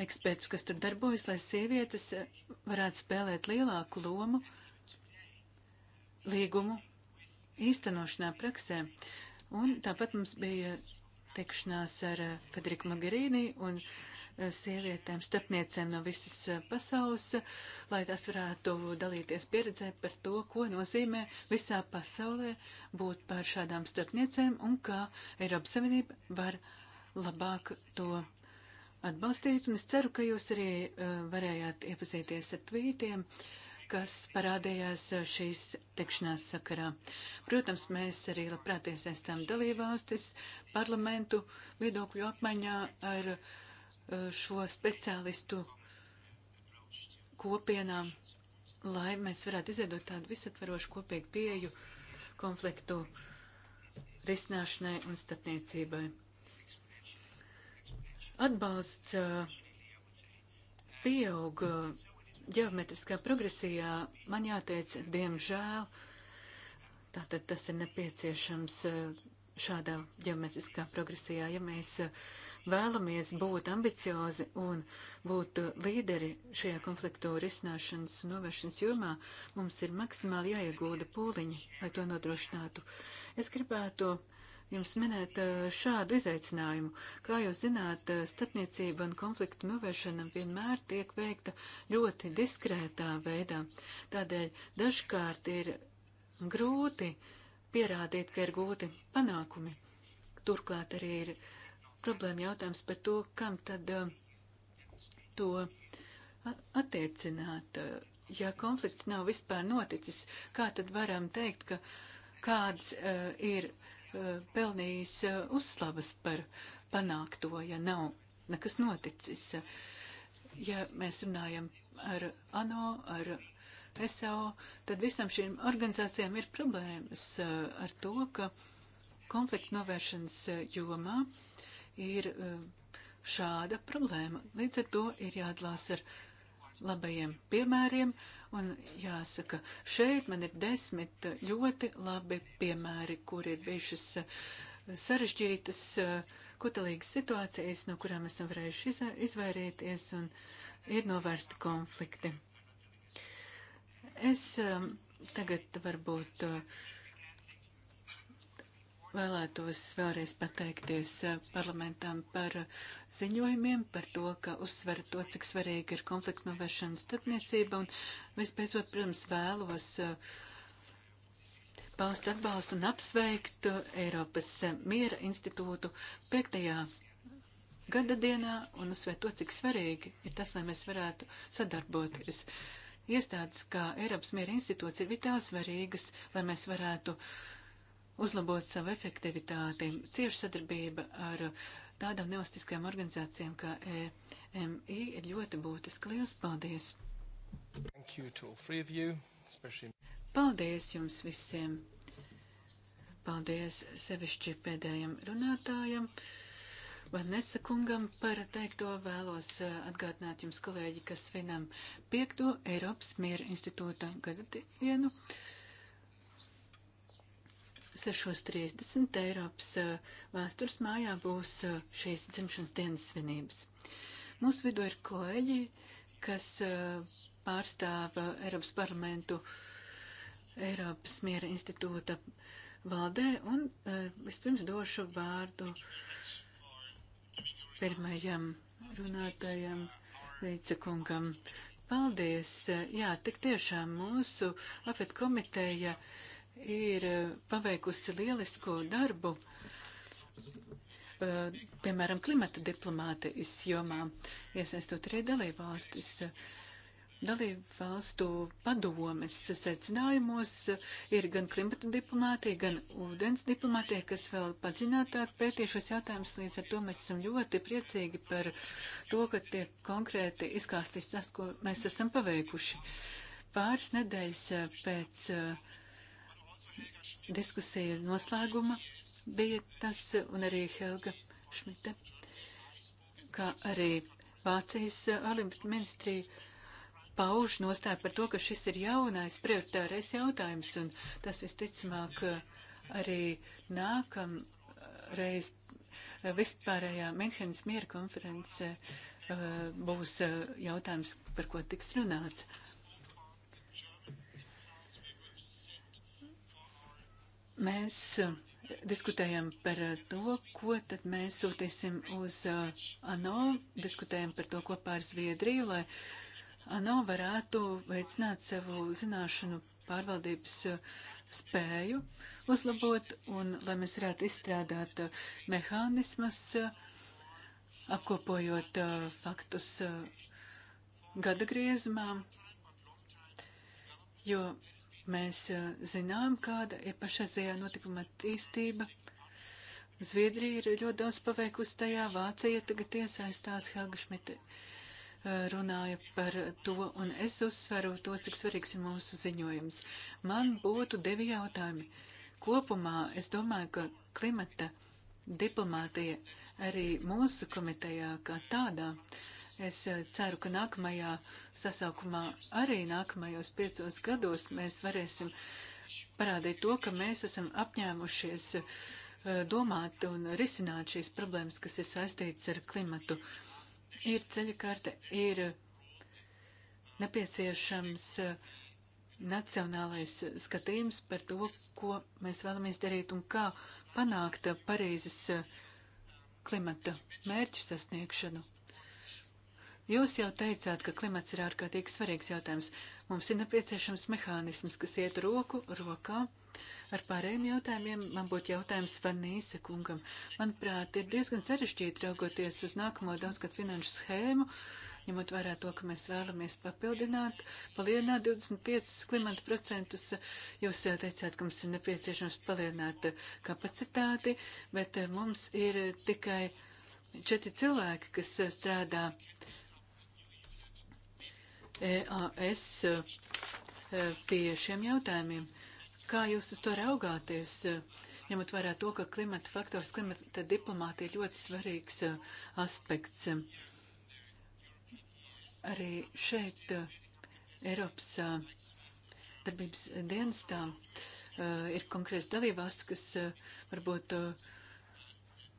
Speaker 2: ekspertus, kas tur darbojas, lai sievietes eh, varētu spēlēt lielāku lomu līgumu īstenošanā praksē. Un tāpat mums bija tikšanās ar eh, Federiku Magarīni un eh, sievietēm, starpniecēm no visas pasaules, lai tās varētu dalīties pieredzē par to, ko nozīmē visā pasaulē būt par šādām starpniecēm un kā Eiropas Savienība var labāk to atbalstīt, un es ceru, ka jūs arī eh, varējāt iepazīties ar tvītiem, kas parādījās eh, šīs tikšanās sakarā. Protams, mēs arī labprāt iesaistām dalībvalstis, parlamentu viedokļu apmaiņā ar eh, šo speciālistu kopienām, lai mēs varētu izveidot tādu visaptverošu kopīgu pieju konfliktu risināšanai un starpniecībai. Atbalsts pieaug ģeometriskā progresijā, man jāteic, diemžēl, tātad tas ir nepieciešams šādā ģeometriskā progresijā. Ja mēs vēlamies būt ambiciozi un būt līderi šajā konfliktu risināšanas un novēršanas jomā, mums ir maksimāli jāiegūda pūliņi, lai to nodrošinātu. Es gribētu uh, jums minēt eh, šādu izaicinājumu. Kā jūs zināt, eh, starpniecība un konfliktu novēršana vienmēr tiek veikta ļoti diskrētā veidā. Tādēļ dažkārt ir grūti pierādīt, ka ir gūti panākumi. Turklāt arī ir problēma jautājums par to, kam tad eh, to attiecināt. Ja konflikts nav vispār noticis, kā tad varam teikt, ka kāds uh, ir Eh, pelnījis eh, uzslavas par panākto, ja nav nekas noticis. Ja mēs runājam ar ANO, ar SAO, tad visam šīm organizācijām ir problēmas eh, ar to, ka konfliktu novēršanas jomā ir šāda problēma. Līdz ar to ir jāatlās ar labajiem piemēriem, uh, Un jāsaka, šeit man ir desmit ļoti labi piemēri, kur ir bijušas eh, sarežģītas, eh, kutelīgas situācijas, no kurām esam varējuši izvairīties un ir novērsti konflikti. Es eh, tagad varbūt uh, Vēlētos vēlreiz pateikties eh, parlamentam par ziņojumiem, par to, ka uzsver to, cik svarīga ir konfliktu novēršana starpniecība. Un vispēcot, protams, vēlos eh, paust atbalstu un apsveikt Eiropas eh, miera institūtu 5. gada dienā un uzsvērt to, cik svarīgi ir tas, lai mēs varētu sadarboties. Iestādes kā Eiropas miera institūts ir vitāli svarīgas, lai mēs varētu uh, uzlabot savu efektivitāti. Cieša sadarbība ar tādām nevalstiskajām organizācijām kā EMI ir ļoti būtiska. Lielas paldies!
Speaker 1: You, especially...
Speaker 2: Paldies jums visiem! Paldies sevišķi pēdējiem runātājiem! Vai nesakungam par teikto vēlos eh, atgādināt jums, kolēģi, ka svinam 5. Eiropas miera institūta gadadienu. dienu. 6.30 Eiropas eh, vēstures mājā būs eh, šīs dzimšanas dienas svinības. Mūsu vidū ir kolēģi, kas eh, pārstāv Eiropas parlamentu Eiropas miera institūta valdē, un vispirms došu vārdu pirmajam runātājam līdzekungam. Paldies! Jā, tik tiešām mūsu afet komiteja uh, ir eh, paveikusi lielisku darbu, eh, piemēram, klimata diplomātijas jomā, iesaistot arī dalībvalstis. Dalībvalstu padomes secinājumos ir gan klimata diplomātija, gan ūdens diplomātija, kas vēl padziļinātāk pētīja šos jautājumus. Līdz ar to mēs esam ļoti priecīgi par to, ka tiek konkrēti izkāstīts tas, ko mēs esam paveikuši. Pāris nedēļas eh, pēc uh, diskusija noslēguma bija tas, un arī Helga Šmita, kā arī Vācijas ārlietu eh, ministrija pauž nostāju par to, ka šis ir jaunais prioritārais jautājums, un tas visticamāk eh, arī nākamreiz eh, vispārējā Minhenes miera konference būs jautājums, par ko tiks runāts. mēs eh, diskutējam par eh, to, ko tad mēs sūtīsim uz eh, ANO, diskutējam par to kopā ar Zviedriju, lai ANO varētu veicināt savu zināšanu pārvaldības spēju uzlabot un lai mēs varētu izstrādāt mehānismus, apkopojot faktus gada griezumā, jo Mēs eh, zinām, kāda ir pašreizējā notikuma attīstība. Zviedrija ir ļoti daudz paveikusi tajā, Vācija tagad iesaistās Helga Šmita eh, runāja par to, un es uzsveru to, cik svarīgs ir mūsu ziņojums. Man būtu divi jautājumi. Kopumā es domāju, ka klimata diplomātija arī mūsu komitejā kā tādā uh, Es eh, ceru, ka nākamajā sasaukumā, arī nākamajos piecos gados, mēs varēsim parādīt to, ka mēs esam apņēmušies eh, domāt un risināt šīs problēmas, kas ir saistītas ar klimatu. Ir ceļakārte, ir nepieciešams eh, nacionālais skatījums par to, ko mēs vēlamies darīt un kā panākt Parīzes klimata mērķu sasniegšanu. Jūs jau teicāt, ka klimats ir ārkārtīgi svarīgs jautājums. Mums ir nepieciešams mehānisms, kas iet roku rokā. Ar pārējiem jautājumiem man būtu jautājums Vanīse kungam. Manuprāt, ir diezgan sarežģīti raugoties uz nākamo daudzgad finanšu schēmu, ņemot vērā to, ka mēs vēlamies papildināt, palielināt 25 klimata procentus. Jūs jau teicāt, ka mums ir nepieciešams palielināt kapacitāti, bet mums ir tikai četri cilvēki, kas strādā uh, EAS e, pie šiem jautājumiem. Kā jūs uz to raugāties, ņemot vērā to, ka klimata faktors, klimata diplomātija ir ļoti svarīgs e, aspekts? Arī šeit e, Eiropas darbības dienestā ir konkrēts dalībvalsts, kas varbūt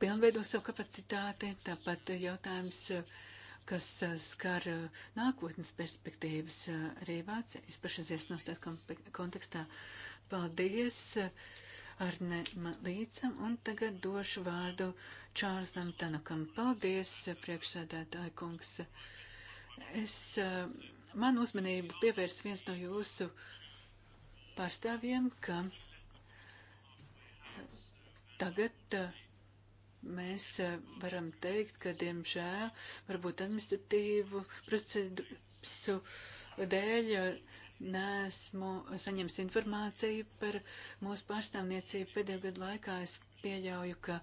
Speaker 2: pilnveido savu kapacitāti. Tāpat jautājums kas eh, skar eh, nākotnes perspektīvas eh, arī Vācijas pašreizies nostās kontekstā. Paldies Arne Līdzam un tagad došu vārdu Čārlzam Tanukam. Paldies, priekšsēdētāji kungs. Es, man uzmanību pievērs viens no jūsu pārstāvjiem, ka tagad uh, mēs eh, varam teikt, ka, diemžēl, varbūt administratīvu procesu dēļ eh, nesmu saņems informāciju par mūsu pārstāvniecību pēdējo gadu laikā. Es pieļauju, ka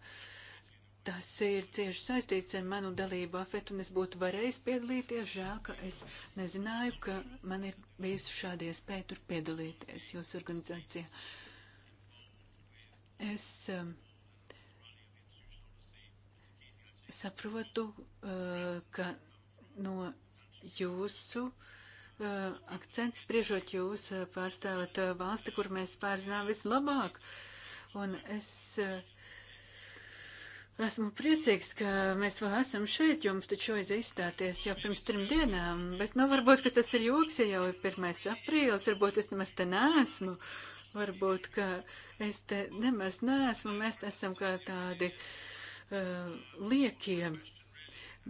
Speaker 2: tas ir cieši saistīts ar manu dalību afetu, un es būtu varējis piedalīties. Žēl, ka es nezināju, ka man ir bijusi šāda iespēja tur piedalīties jūsu organizācijā. Es uh, saprotu, eh, ka no jūsu eh, akcents, spriežot jūs, eh, pārstāvat valsti, kur mēs pārzinām vislabāk. Un es esmu priecīgs, ka mēs vēl esam šeit, jums taču vajadzēja izstāties jau pirms trim dienām, bet nu varbūt, ka tas ir joks, ja jau ir 1. aprīlis, varbūt es nemaz te neesmu. Varbūt, ka es te nemaz neesmu, mēs te esam kā tādi uh, Eh, liekie,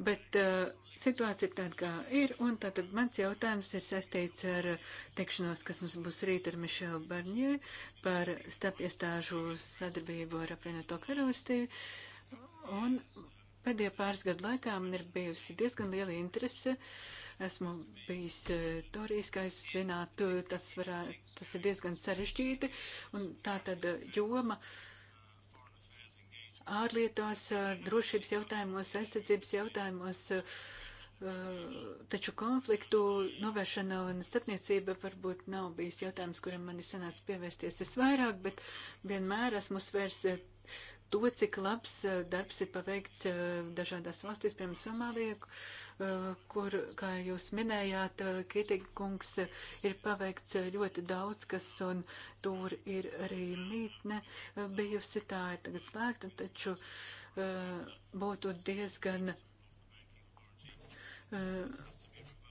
Speaker 2: bet eh, situācija ir tāda, kā ir, un tātad mans jautājums ir saistīts ar eh, tikšanos, kas mums būs rīt ar Mišelu Barņē par starpiestāžu sadarbību ar apvienoto karalistību. Un pēdējo pāris gadu laikā man ir bijusi diezgan liela interese. Esmu bijis Torijas, kā jūs zināt, tas, varā, tas ir diezgan sarežģīti. Un tā tad joma. Uh, ārlietās, drošības jautājumos, aizsardzības jautājumos, taču konfliktu novēršana un starpniecība varbūt nav bijis jautājums, kuram man ir sanācis pievērsties es vairāk, bet vienmēr esmu svērs to, cik labs eh, darbs ir paveikts eh, dažādās valstīs, piemēram, Somālijā, eh, kur, kā jūs minējāt, kritikungs ir paveikts ļoti daudz, kas un tur ir arī mītne bijusi, tā ir tagad slēgta, taču būtu diezgan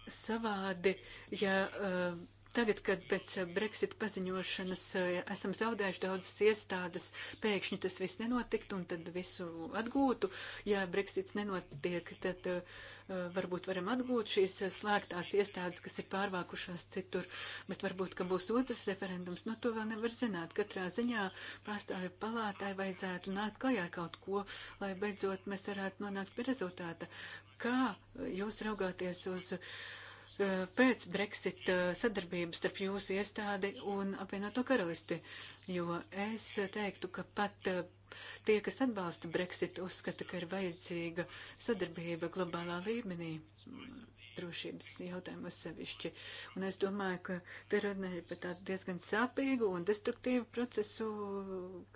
Speaker 2: savādi, ja uh, Tagad, kad pēc eh, Brexit paziņošanas eh, esam zaudējuši daudzas iestādes, pēkšņi tas viss nenotiktu un tad visu atgūtu. Ja Brexits nenotiek, tad eh, varbūt varam atgūt šīs slēgtās iestādes, kas ir pārvākušās citur, bet varbūt, ka būs otrs referendums, no nu, to vēl nevar zināt. Katrā ziņā pārstāvju palātai vajadzētu nākt klajā kaut ko, lai beidzot mēs varētu nonākt pie rezultāta. Kā jūs raugāties uz uh, pēc Brexit eh, sadarbības starp jūsu iestādi un apvienoto karalisti, jo es teiktu, ka pat eh, tie, kas atbalsta Brexit, uzskata, ka ir vajadzīga sadarbība globālā līmenī drošības jautājumu sevišķi. Un es domāju, ka te runa ir par tādu diezgan sāpīgu un destruktīvu procesu,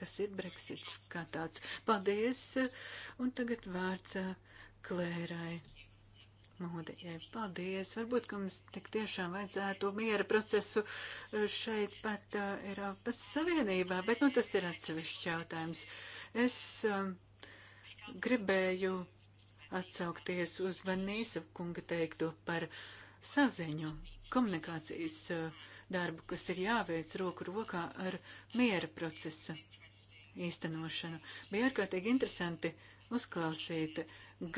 Speaker 2: kas ir Brexits kā tāds. Paldies! Un tagad vārds eh, Klērai nodaļai. Paldies! Varbūt, ka mums tik tiešām vajadzētu miera procesu eh, šeit pat uh, Eiropas Savienībā, bet nu, tas ir atsevišķs jautājums. Es um, gribēju atsaukties uz Vanīsa kunga teikto par saziņu, komunikācijas uh, darbu, kas ir jāveic roku rokā ar miera procesa īstenošanu. Bija ārkārtīgi interesanti uzklausīt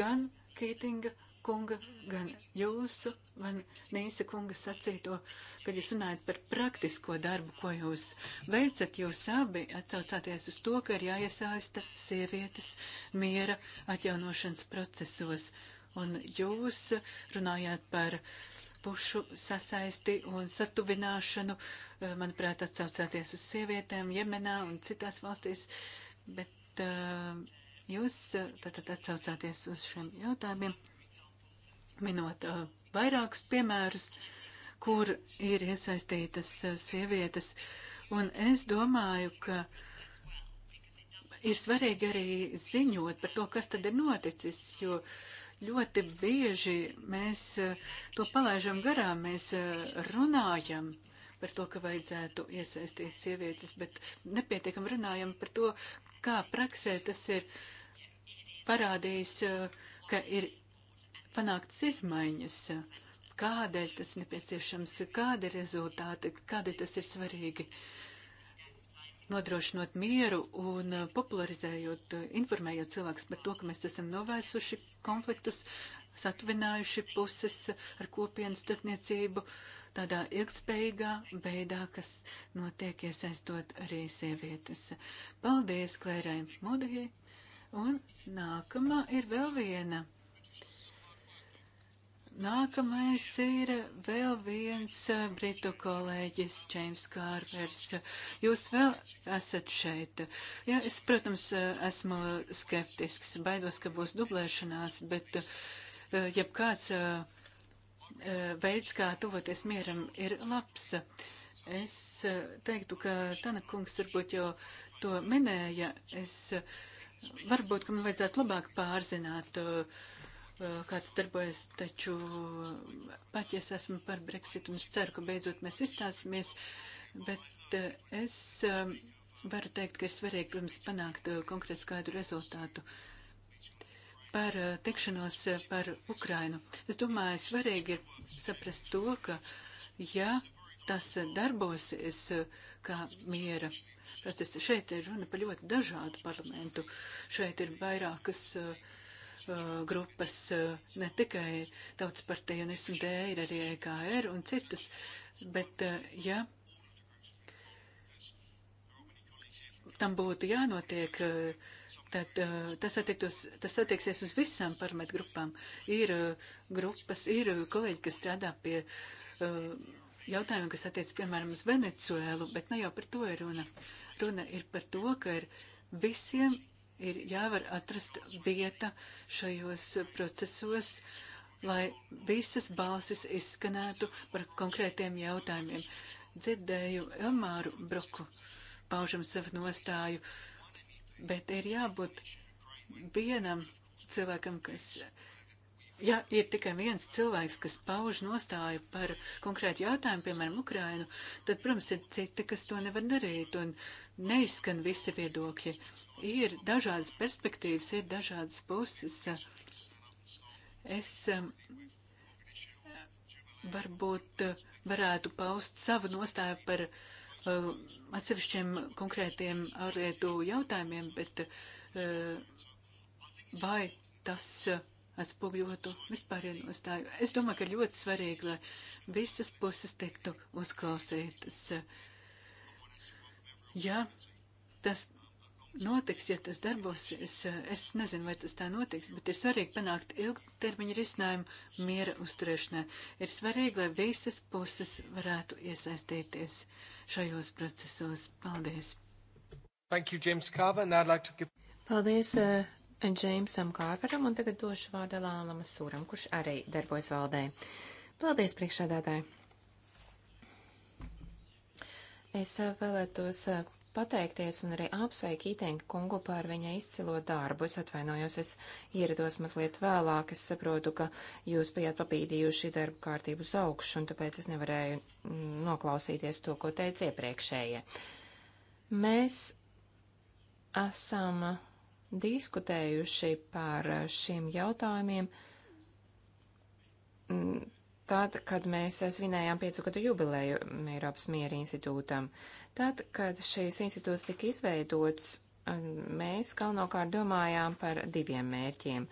Speaker 2: gan Kītinga kunga, gan jūsu, gan Nīsa kunga sacīto, kad jūs runājat par praktisko darbu, ko jūs veicat, jūs abi atsaucāties uz to, ka ir jāiesaista sievietes miera atjaunošanas procesos. Un jūs runājāt par pušu sasaisti un satuvināšanu, eh, manuprāt, atsaucāties uz sievietēm Jemenā un citās valstīs, bet uh, jūs eh, tātad atsaucāties uz šiem jautājumiem minot uh, vairākus piemērus, kur ir iesaistītas uh, sievietes. Un es domāju, ka ir svarīgi arī ziņot par to, kas tad ir noticis, jo ļoti bieži mēs uh, to palaižam garām, mēs runājam par to, ka vajadzētu iesaistīt sievietes, bet nepietiekam runājam par to, kā praksē tas ir parādījis, ka ir panāktas izmaiņas, kādēļ tas nepieciešams, kādi ir rezultāti, kādēļ tas ir svarīgi. Nodrošinot mieru un popularizējot, informējot cilvēkus par to, ka mēs esam novērsuši konfliktus, satvinājuši puses ar kopienu starpniecību tādā ilgspējīgā veidā, kas notiek iesaistot arī sievietes. Paldies Klērai Mudijai! Un nākamā ir vēl viena Nākamais ir vēl viens eh, britu kolēģis, Džeims Kārvers. Jūs vēl esat šeit. Jā, es, protams, eh, esmu skeptisks, baidos, ka būs dublēšanās, bet eh, jebkāds veids, kā tuvoties mieram, ir labs. Es teiktu, ka Tanakungs varbūt jau to minēja. Es varbūt, ka man vajadzētu labāk pārzināt. Uh, kāds darbojas, taču pat ja es esmu par Brexit un es ceru, ka beidzot mēs izstāsimies, bet eh, es eh, varu teikt, ka ir svarīgi, protams, panākt eh, konkrētu skaidru rezultātu par tikšanos par Ukrainu. Es domāju, svarīgi ir saprast to, ka ja tas darbosies kā miera. Protams, šeit ir runa par ļoti dažādu parlamentu. Šeit ir vairākas uh, grupas, ne tikai Tautas partija un SMD, ir arī EKR un citas, bet ja tam būtu jānotiek, tad tas, attiektos, tas attieksies uz visām parametgrupām. Ir grupas, ir kolēģi, kas strādā pie jautājumiem, kas attiec, piemēram, uz Venecuēlu, bet ne jau par to ir runa. Runa ir par to, ka ir visiem ir jāvar atrast vieta šajos procesos, lai visas balsis izskanētu par konkrētiem jautājumiem. Dzirdēju Elmāru Broku paužam savu nostāju, bet ir jābūt vienam cilvēkam, kas. Ja ir tikai viens cilvēks, kas pauž nostāju par konkrētu jautājumu, piemēram, Ukrainu, tad, protams, ir citi, kas to nevar darīt un neizskan visi viedokļi. Uh, ir dažādas perspektīvas, ir dažādas puses. Es um, varbūt uh, varētu paust savu nostāju par uh, atsevišķiem konkrētiem ārlietu jautājumiem, bet uh, vai tas atspogļotu vispārējo nostāju? Es domāju, ka ļoti svarīgi, lai visas puses tiktu uzklausītas. Ja tas notiks, ja tas darbosies. Es nezinu, vai tas tā notiks, bet ir svarīgi panākt ilgtermiņa risinājumu miera uzturēšanai. Ir svarīgi, lai visas puses varētu iesaistīties šajos procesos. Paldies!
Speaker 1: Thank you, James Carver, and I'd like to give...
Speaker 2: Paldies, uh... Eh,
Speaker 3: Džeimsam Kārveram un tagad došu vārdu Lālam Sūram, kurš arī darbojas valdē. Paldies, priekšsēdētāji! Es eh, vēlētos eh, pateikties un arī apsveikt Itenga kungu par viņa izcilo darbu. Es atvainojos, es ierados mazliet vēlāk, es saprotu, ka jūs bijāt papīdījuši darbu kārtību uz augšu, un tāpēc es nevarēju mm, noklausīties to, ko teica iepriekšējie. Mēs esam diskutējuši par šiem jautājumiem mm, tad, kad mēs svinējām piecu gadu jubileju Eiropas miera institūtam. Tad, kad šīs institūts tika izveidots, um, mēs galvenokārt domājām par diviem mērķiem.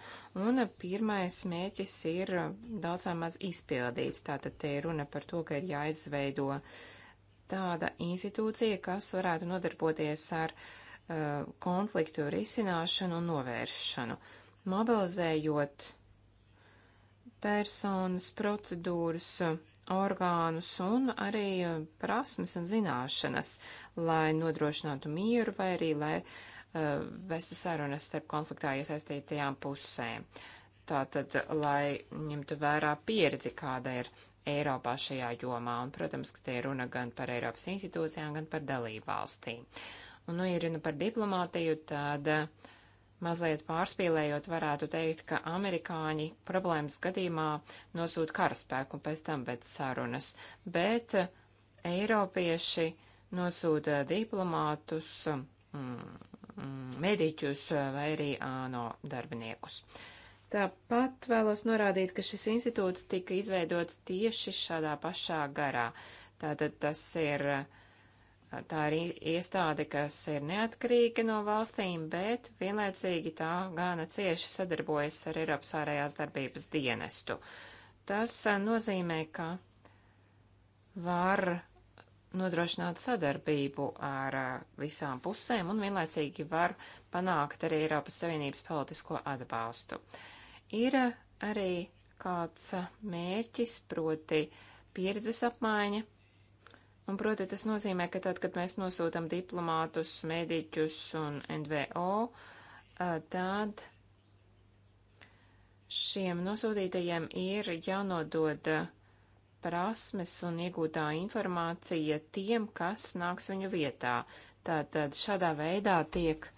Speaker 3: Un pirmais mērķis ir daudz vai maz izpildīts. Tātad te ir runa par to, ka ir jāizveido tāda institūcija, kas varētu nodarboties ar uh, konfliktu risināšanu un novēršanu, mobilizējot personas, procedūras, orgānus un arī eh, prasmes un zināšanas, lai nodrošinātu mieru vai arī lai uh, vestu sarunas starp konfliktā iesaistītajām pusēm. Tātad, lai ņemtu vērā pieredzi, kāda ir Eiropā šajā jomā, un, protams, ka te ir runa gan par Eiropas institūcijām, gan par dalību valstīm. Un, nu, ja runa par diplomātiju, tad uh, Mazliet pārspīlējot, varētu teikt, ka amerikāņi problēmas gadījumā nosūta karaspēku un pēc tam veids sarunas, bet eh, eiropieši nosūta diplomātus, mm, mm, mediķus eh, vai arī ANO darbiniekus. Tāpat vēlos norādīt, ka šis institūts tika izveidots tieši šādā pašā garā. Tātad tas ir uh, tā ir iestāde, kas ir neatkarīga no valstīm, bet vienlaicīgi tā gana cieši sadarbojas ar Eiropas ārējās darbības dienestu. Tas eh, nozīmē, ka var nodrošināt sadarbību ar eh, visām pusēm un vienlaicīgi var panākt arī Eiropas Savienības politisko atbalstu. Ir eh, arī kāds mērķis, proti pieredzes apmaiņa Un, proti, tas nozīmē, ka tad, kad mēs nosūtam diplomātus, mēdīķus un NVO, tad šiem nosūtītajiem ir jānodod prasmes un iegūtā informācija tiem, kas nāks viņu vietā. Tātad šādā veidā tiek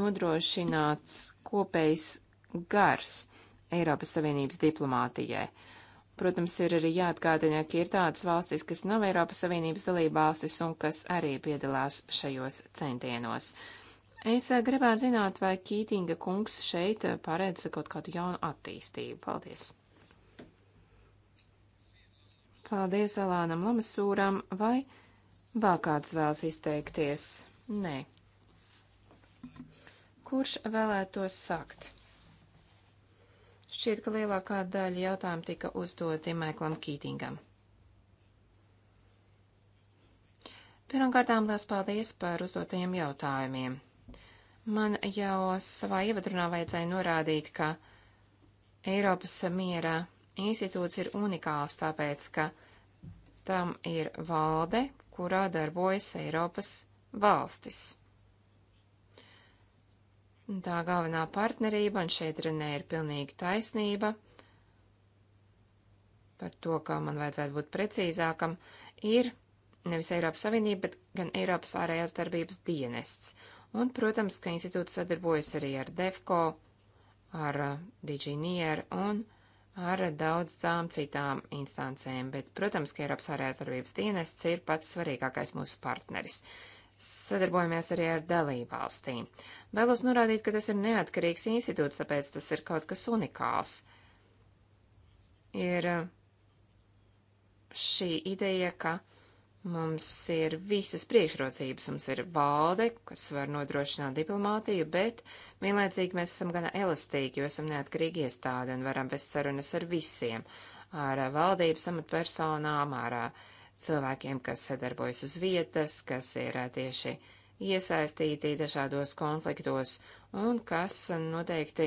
Speaker 3: nodrošināts kopējs gars Eiropas Savienības diplomātijai. Uh, Protams, ir arī jāatgādina, ka ir tādas valstis, kas nav Eiropas Savienības dalībvalstis un kas arī piedalās šajos centienos. Es eh, gribētu zināt, vai Kītinga kungs šeit eh, paredz kaut kādu jaunu attīstību. Paldies! Paldies Alānam Lamasūram, vai vēl kāds vēlas izteikties? Nē. Kurš vēlētos sakt? Šķiet, ka lielākā daļa jautājumu tika uzdoti Maiklam Kītingam. Pirmkārtām liels paldies par uzdotajiem jautājumiem. Man jau savā ievadrunā vajadzēja norādīt, ka Eiropas miera institūts ir unikāls, tāpēc, ka tam ir valde, kurā darbojas Eiropas valstis. Tā galvenā partnerība, un šeit Renē ir pilnīgi taisnība par to, ka man vajadzētu būt precīzākam, ir nevis Eiropas Savienība, bet gan Eiropas ārējās darbības dienests. Un, protams, ka institūts sadarbojas arī ar DEFCO, ar uh, DG NIER un ar daudzām citām instancēm, bet, protams, ka Eiropas ārējās darbības dienests ir pats svarīgākais mūsu partneris. Uh, sadarbojamies arī ar dalībvalstīm. Vēlos norādīt, ka tas ir neatkarīgs institūts, tāpēc tas ir kaut kas unikāls. Ir uh, šī ideja, ka mums ir visas priekšrocības, mums ir valde, kas var nodrošināt diplomātiju, bet vienlaicīgi mēs esam gana elastīgi, jo esam neatkarīgi iestādi un varam vest sarunas ar visiem, ar uh, valdības amatpersonām, ar, ar uh, cilvēkiem, kas sadarbojas uz vietas, kas ir eh, tieši iesaistīti dažādos konfliktos un kas noteikti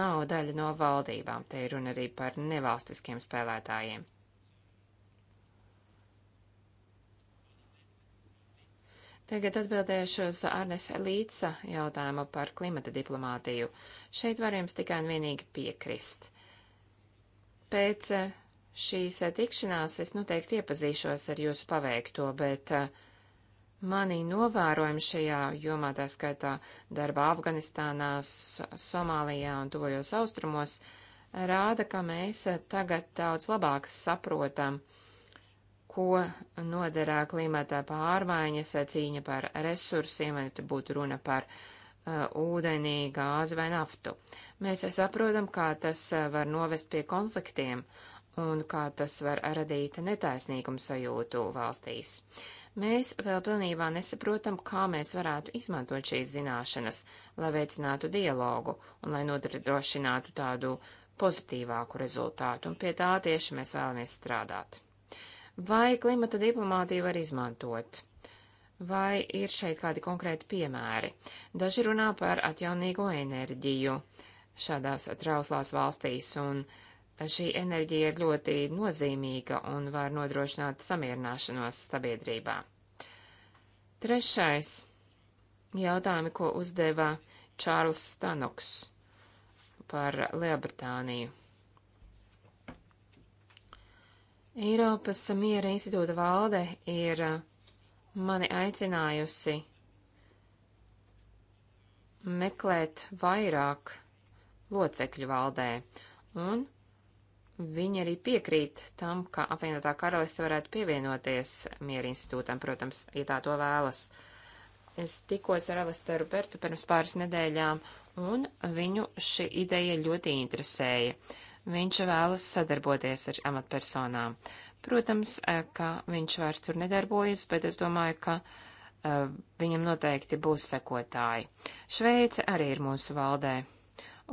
Speaker 3: nav daļa no valdībām. Te ir runa arī par nevalstiskiem spēlētājiem. Tagad atbildēšu uz Arnes Līca jautājumu par klimata diplomātiju. Šeit var jums tikai un vienīgi piekrist. Pēc eh, šīs eh, tikšanās es noteikti iepazīšos ar jūsu paveikto, bet eh, mani novērojumi šajā jomā, tā skaitā darba Afganistānā, Somālijā un tuvojos austrumos, rāda, ka mēs eh, tagad daudz labāk saprotam, ko noderā klimata pārmaiņas, cīņa par resursiem, vai te būtu runa par uh, ūdenī, gāzi vai naftu. Mēs saprotam, kā tas var novest pie konfliktiem, un kā tas var radīt netaisnīgumu sajūtu valstīs. Mēs vēl pilnībā nesaprotam, kā mēs varētu izmantot šīs zināšanas, lai veicinātu dialogu un lai nodrošinātu tādu pozitīvāku rezultātu, un pie tā tieši mēs vēlamies strādāt. Vai klimata diplomātiju var izmantot? Vai ir šeit kādi konkrēti piemēri? Daži runā par atjaunīgo enerģiju šādās trauslās valstīs, un uh, šī enerģija ir ļoti nozīmīga un var nodrošināt samierināšanos sabiedrībā. Trešais jautājumi, ko uzdeva Čārls Stanoks par Lielbritāniju. Eiropas miera institūta valde ir mani aicinājusi meklēt vairāk locekļu valdē, un Viņi arī piekrīt tam, ka apvienotā karaliste varētu pievienoties miera institūtam, protams, ja tā to vēlas. Es tikos ar Alasteru Bertu pirms pāris nedēļām, un viņu šī ideja ļoti interesēja. Viņš vēlas sadarboties ar amatpersonām. Protams, eh, ka viņš vairs tur nedarbojas, bet es domāju, ka uh, viņam noteikti būs sekotāji. Šveice arī ir mūsu valdē.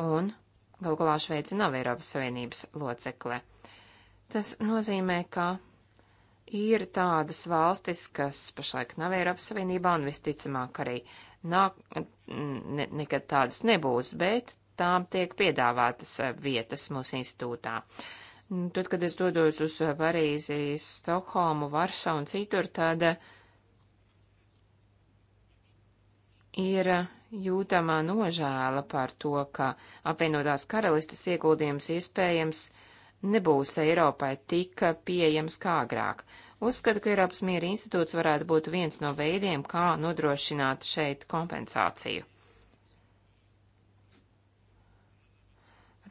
Speaker 3: Un Galu galā Šveice nav Eiropas Savienības locekle. Tas nozīmē, ka ir tādas valstis, kas pašlaik nav Eiropas Savienībā un visticamāk arī nāk, ne, nekad tādas nebūs, bet tām tiek piedāvātas vietas mūsu institūtā. Tad, kad es dodos uz Parīzi, Stokholmu, Varšavu un citur, tad ir jūtamā nožēla par to, ka apvienotās karalistes ieguldījums iespējams nebūs Eiropai tik pieejams kā agrāk. Uzskatu, ka Eiropas miera institūts varētu būt viens no veidiem, kā nodrošināt šeit kompensāciju.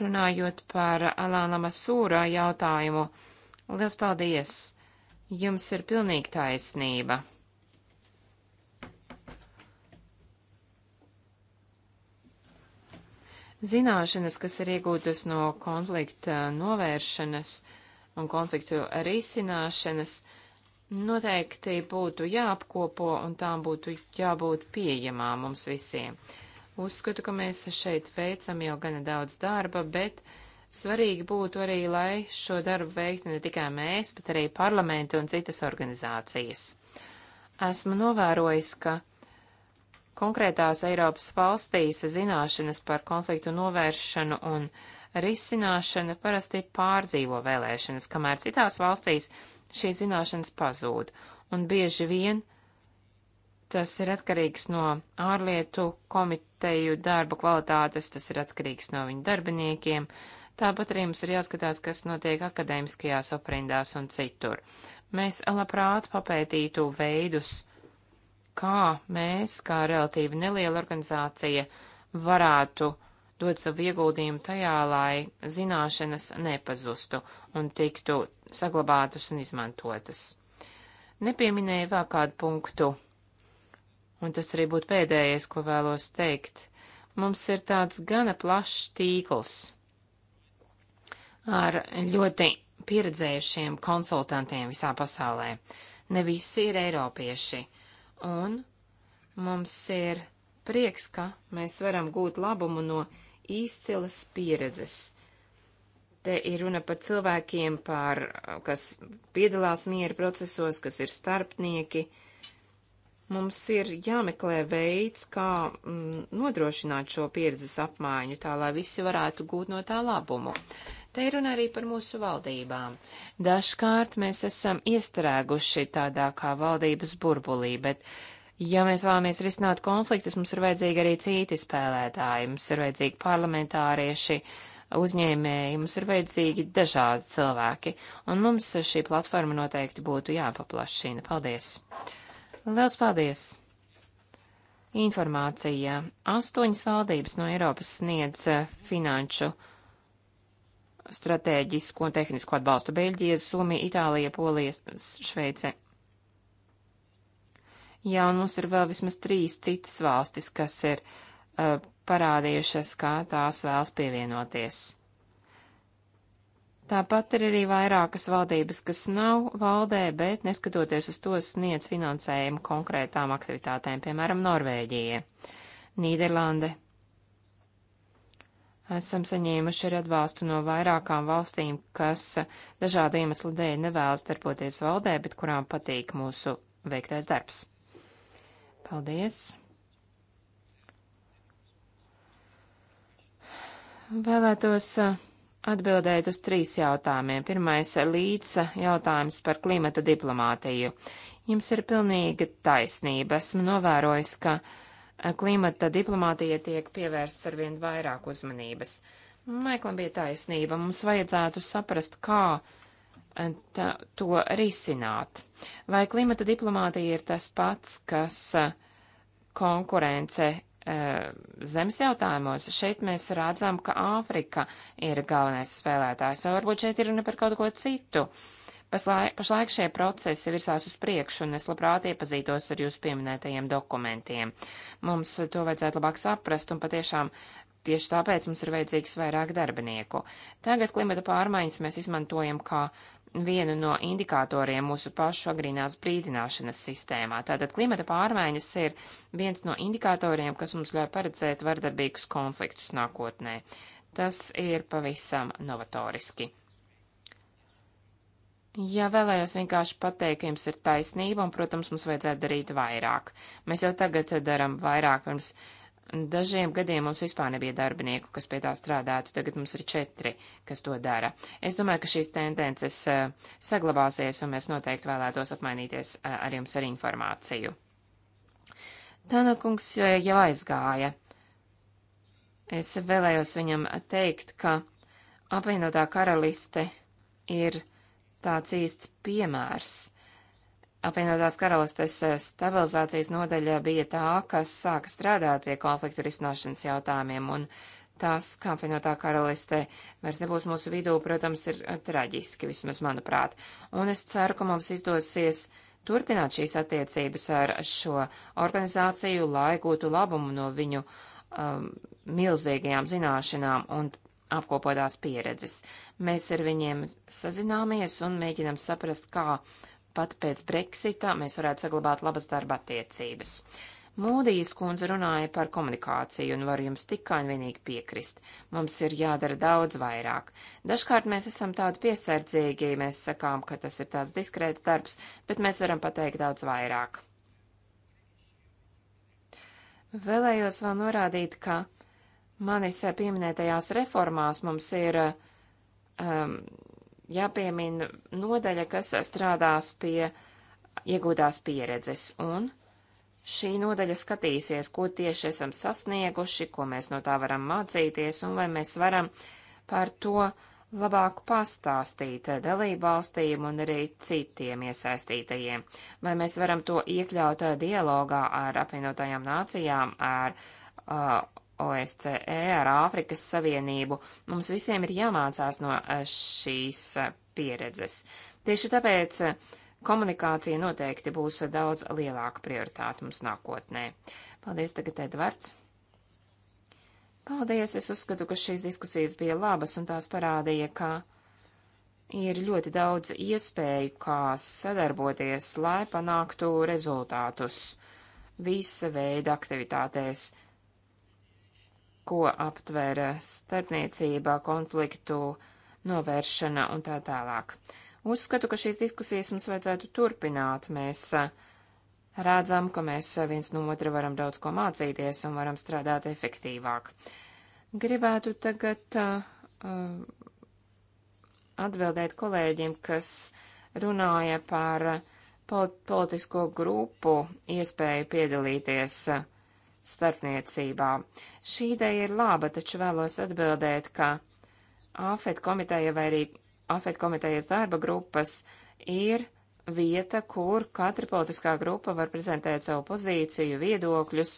Speaker 3: Runājot par Alāna Masūra jautājumu, liels paldies! Jums ir pilnīgi taisnība. Zināšanas, kas ir iegūtas no konflikta novēršanas un konfliktu risināšanas, noteikti būtu jāapkopo un tām būtu jābūt pieejamām mums visiem. Uzskatu, ka mēs šeit veicam jau gana daudz darba, bet svarīgi būtu arī, lai šo darbu veiktu ne tikai mēs, bet arī parlamenti un citas organizācijas. Esmu novērojis, ka konkrētās Eiropas valstīs zināšanas par konfliktu novēršanu un risināšanu parasti pārdzīvo vēlēšanas, kamēr citās valstīs šī zināšanas pazūd, un bieži vien tas ir atkarīgs no ārlietu komiteju darba kvalitātes, tas ir atkarīgs no viņu darbiniekiem, tāpat arī mums ir jāskatās, kas notiek akadēmiskajās aprindās un citur. Mēs labprāt papētītu veidus, kā mēs, kā relatīvi neliela organizācija, varētu dot savu ieguldījumu tajā, lai zināšanas nepazustu un tiktu saglabātas un izmantotas. Nepieminēju vēl kādu punktu, un tas arī būtu pēdējais, ko vēlos teikt. Mums ir tāds gana plašs tīkls ar ļoti pieredzējušiem konsultantiem visā pasaulē. Ne visi ir eiropieši. Uh, un mums ir prieks, ka mēs varam gūt labumu no izcilas pieredzes. Te ir runa par cilvēkiem, par, kas piedalās miera procesos, kas ir starpnieki. Mums ir jāmeklē veids, kā mm, nodrošināt šo pieredzes apmaiņu, tā lai visi varētu gūt no tā labumu. Uh, Te ir runa arī par mūsu valdībām. Dažkārt mēs esam iestrēguši tādā kā valdības burbulī, bet Ja mēs vēlamies risināt konfliktus, mums ir vajadzīgi arī citi spēlētāji, mums ir vajadzīgi parlamentārieši, uzņēmēji, mums ir vajadzīgi dažādi cilvēki, un mums šī platforma noteikti būtu jāpaplašina. Paldies! Liels paldies! Informācija. Astoņas valdības no Eiropas sniedz finanšu stratēģisku un tehnisku atbalstu Beļģija, Somija, Itālija, Polija, Šveice. Jā, un mums ir vēl vismaz trīs citas valstis, kas ir uh, parādījušas, kā tās vēlas pievienoties. Tāpat ir arī vairākas valdības, kas nav valdē, bet neskatoties uz to sniedz finansējumu konkrētām aktivitātēm, piemēram, Norvēģija, Nīderlande, Esam saņēmuši arī atbalstu no vairākām valstīm, kas dažādu iemeslu dēļ nevēlas darboties valdē, bet kurām patīk mūsu veiktais darbs. Paldies! Vēlētos uh, atbildēt uz trīs jautājumiem. Pirmais uh, - līdz uh, jautājums par klimata diplomātiju. Jums ir pilnīga taisnība. Esmu novērojis, ka klimata diplomātija tiek pievērsts arvien vairāk uzmanības. Maiklam bija taisnība, mums vajadzētu saprast, kā eh, tā, to risināt. Vai klimata diplomātija ir tas pats, kas eh, konkurence eh, zemes jautājumos. Šeit mēs redzam, ka Āfrika ir galvenais spēlētājs, vai varbūt šeit ir runa par kaut ko citu. Uh, Paslaik, pašlaik šie procesi virsās uz priekšu, un es labprāt iepazītos ar jūsu pieminētajiem dokumentiem. Mums to vajadzētu labāk saprast, un patiešām tieši tāpēc mums ir vajadzīgs vairāk darbinieku. Tagad klimata pārmaiņas mēs izmantojam kā vienu no indikatoriem mūsu pašu agrīnās brīdināšanas sistēmā. Tātad klimata pārmaiņas ir viens no indikatoriem, kas mums ļauj paredzēt vardarbīgus konfliktus nākotnē. Tas ir pavisam novatoriski. Jā, vēlējos vienkārši pateikt, ka jums ir taisnība, un, protams, mums vajadzētu darīt vairāk. Mēs jau tagad darām vairāk. Pirms dažiem gadiem mums vispār nebija darbinieku, kas pie tā strādātu. Tagad mums ir četri, kas to dara. Es domāju, ka šīs tendences eh, saglabāsies, un mēs noteikti vēlētos apmainīties eh, ar jums ar informāciju. Tanakungs eh, jau aizgāja. Es vēlējos viņam teikt, ka apvienotā karaliste ir tāds īsts piemērs. Apvienotās karalistes eh, stabilizācijas nodaļa bija tā, kas sāka strādāt pie konfliktu risināšanas jautājumiem, un tas, kā apvienotā karaliste vairs nebūs mūsu vidū, protams, ir eh, traģiski, vismaz manuprāt. Un es ceru, ka mums izdosies turpināt šīs attiecības ar šo organizāciju, lai gūtu labumu no viņu um, milzīgajām zināšanām un apkopotās pieredzes. Mēs ar viņiem sazināmies un mēģinam saprast, kā pat pēc Brexita mēs varētu saglabāt labas darba attiecības. Mūdijas kundze runāja par komunikāciju un varu jums tikai un vienīgi piekrist. Mums ir jādara daudz vairāk. Dažkārt mēs esam tādi piesardzīgi, mēs sakām, ka tas ir tāds diskrēts darbs, bet mēs varam pateikt daudz vairāk. Vēlējos vēl norādīt, ka manis eh, pieminētajās reformās mums ir eh, um, jāpiemina nodaļa, kas strādās pie iegūtās pieredzes, un šī nodaļa skatīsies, ko tieši esam sasnieguši, ko mēs no tā varam mācīties, un vai mēs varam par to labāk pastāstīt dalībvalstīm un arī citiem iesaistītajiem, vai mēs varam to iekļaut eh, dialogā ar apvienotajām nācijām, ar uh, OSCE, ar Āfrikas Savienību. Mums visiem ir jāmācās no eh, šīs eh, pieredzes. Tieši tāpēc eh, komunikācija noteikti būs daudz lielāka prioritāte mums nākotnē. Paldies tagad, Edvards! Paldies! Es uzskatu, ka šīs diskusijas bija labas un tās parādīja, ka ir ļoti daudz iespēju, kā sadarboties, lai panāktu rezultātus visa veida aktivitātēs ko aptver starpniecība, konfliktu novēršana un tā tālāk. Uzskatu, ka šīs diskusijas mums vajadzētu turpināt. Mēs redzam, ka mēs viens no otra varam daudz ko mācīties un varam strādāt efektīvāk. Gribētu tagad uh, atbildēt kolēģiem, kas runāja par politisko grupu iespēju piedalīties uh, starpniecībā. Šī ideja ir laba, taču vēlos atbildēt, ka AFET komiteja vai arī AFET komitejas darba grupas ir vieta, kur katra politiskā grupa var prezentēt savu pozīciju, viedokļus,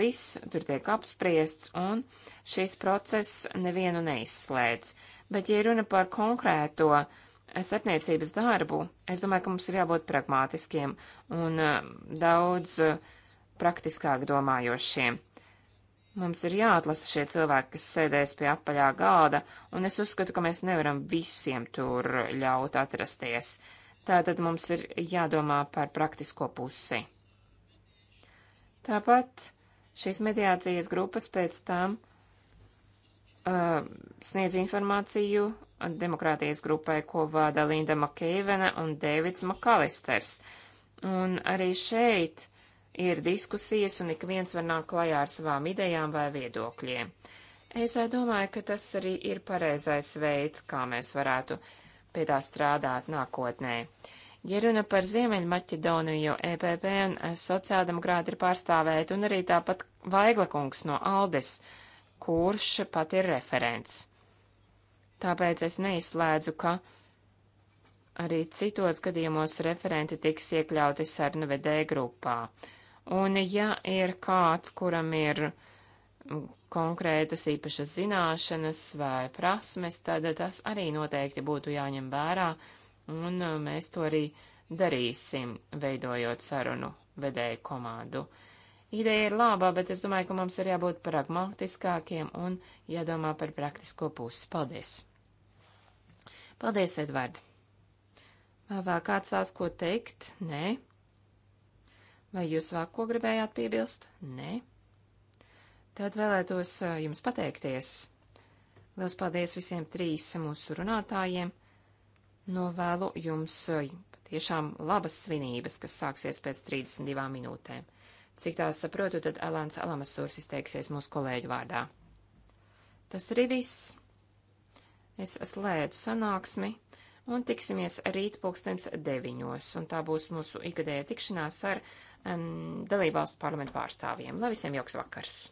Speaker 3: viss tur tiek apspriests, un šis process nevienu neizslēdz. Bet, ja runa par konkrēto starpniecības darbu, es domāju, ka mums ir jābūt pragmātiskiem un eh, daudz uh, praktiskāk domājošiem. Mums ir jāatlasa šie cilvēki, kas sēdēs pie apaļā galda, un es uzskatu, ka mēs nevaram visiem tur ļaut atrasties. Tātad mums ir jādomā par praktisko pusi. Tāpat šīs mediācijas grupas pēc tam uh, sniedz informāciju demokrātijas grupai, ko vada Linda Makeivena un Dēvids Makalisters. Un arī šeit ir diskusijas un ik viens var nākt klajā ar savām idejām vai viedokļiem. Es eh, domāju, ka tas arī ir pareizais veids, kā mēs varētu pie tā strādāt nākotnē. Ja runa par Ziemeļmaķedoniju, EPP un eh, sociāldemokrāti ir pārstāvēti, un arī tāpat Vaiglakungs no Aldes, kurš pat ir referents. Tāpēc es neizslēdzu, ka arī citos gadījumos referenti tiks iekļauti sarnu vedēja grupā. Uh, Un ja ir kāds, kuram ir mm, konkrētas īpašas zināšanas vai prasmes, tad tas arī noteikti būtu jāņem vērā, un mm, mēs to arī darīsim, veidojot sarunu vedēju komandu. Ideja ir labā, bet es domāju, ka mums ir jābūt pragmatiskākiem un jādomā par praktisko pusi. Paldies! Paldies, Edvard! Vēl kāds vēlas ko teikt? Nē. Vai jūs vēl ko gribējāt piebilst? Nē. Tad vēlētos eh, jums pateikties. Lielas paldies visiem trīs mūsu runātājiem. Novēlu nu, jums eh, patiešām labas svinības, kas sāksies pēc 32 minūtēm. Cik tā saprotu, tad Alans Alamasurs izteiksies mūsu kolēģu vārdā. Tas arī viss. Es slēdzu sanāksmi un tiksimies rīt pulkstens deviņos, un tā būs mūsu ikadēja tikšanās ar dalībvalstu parlamentu pārstāvjiem. Lai visiem jauks vakars!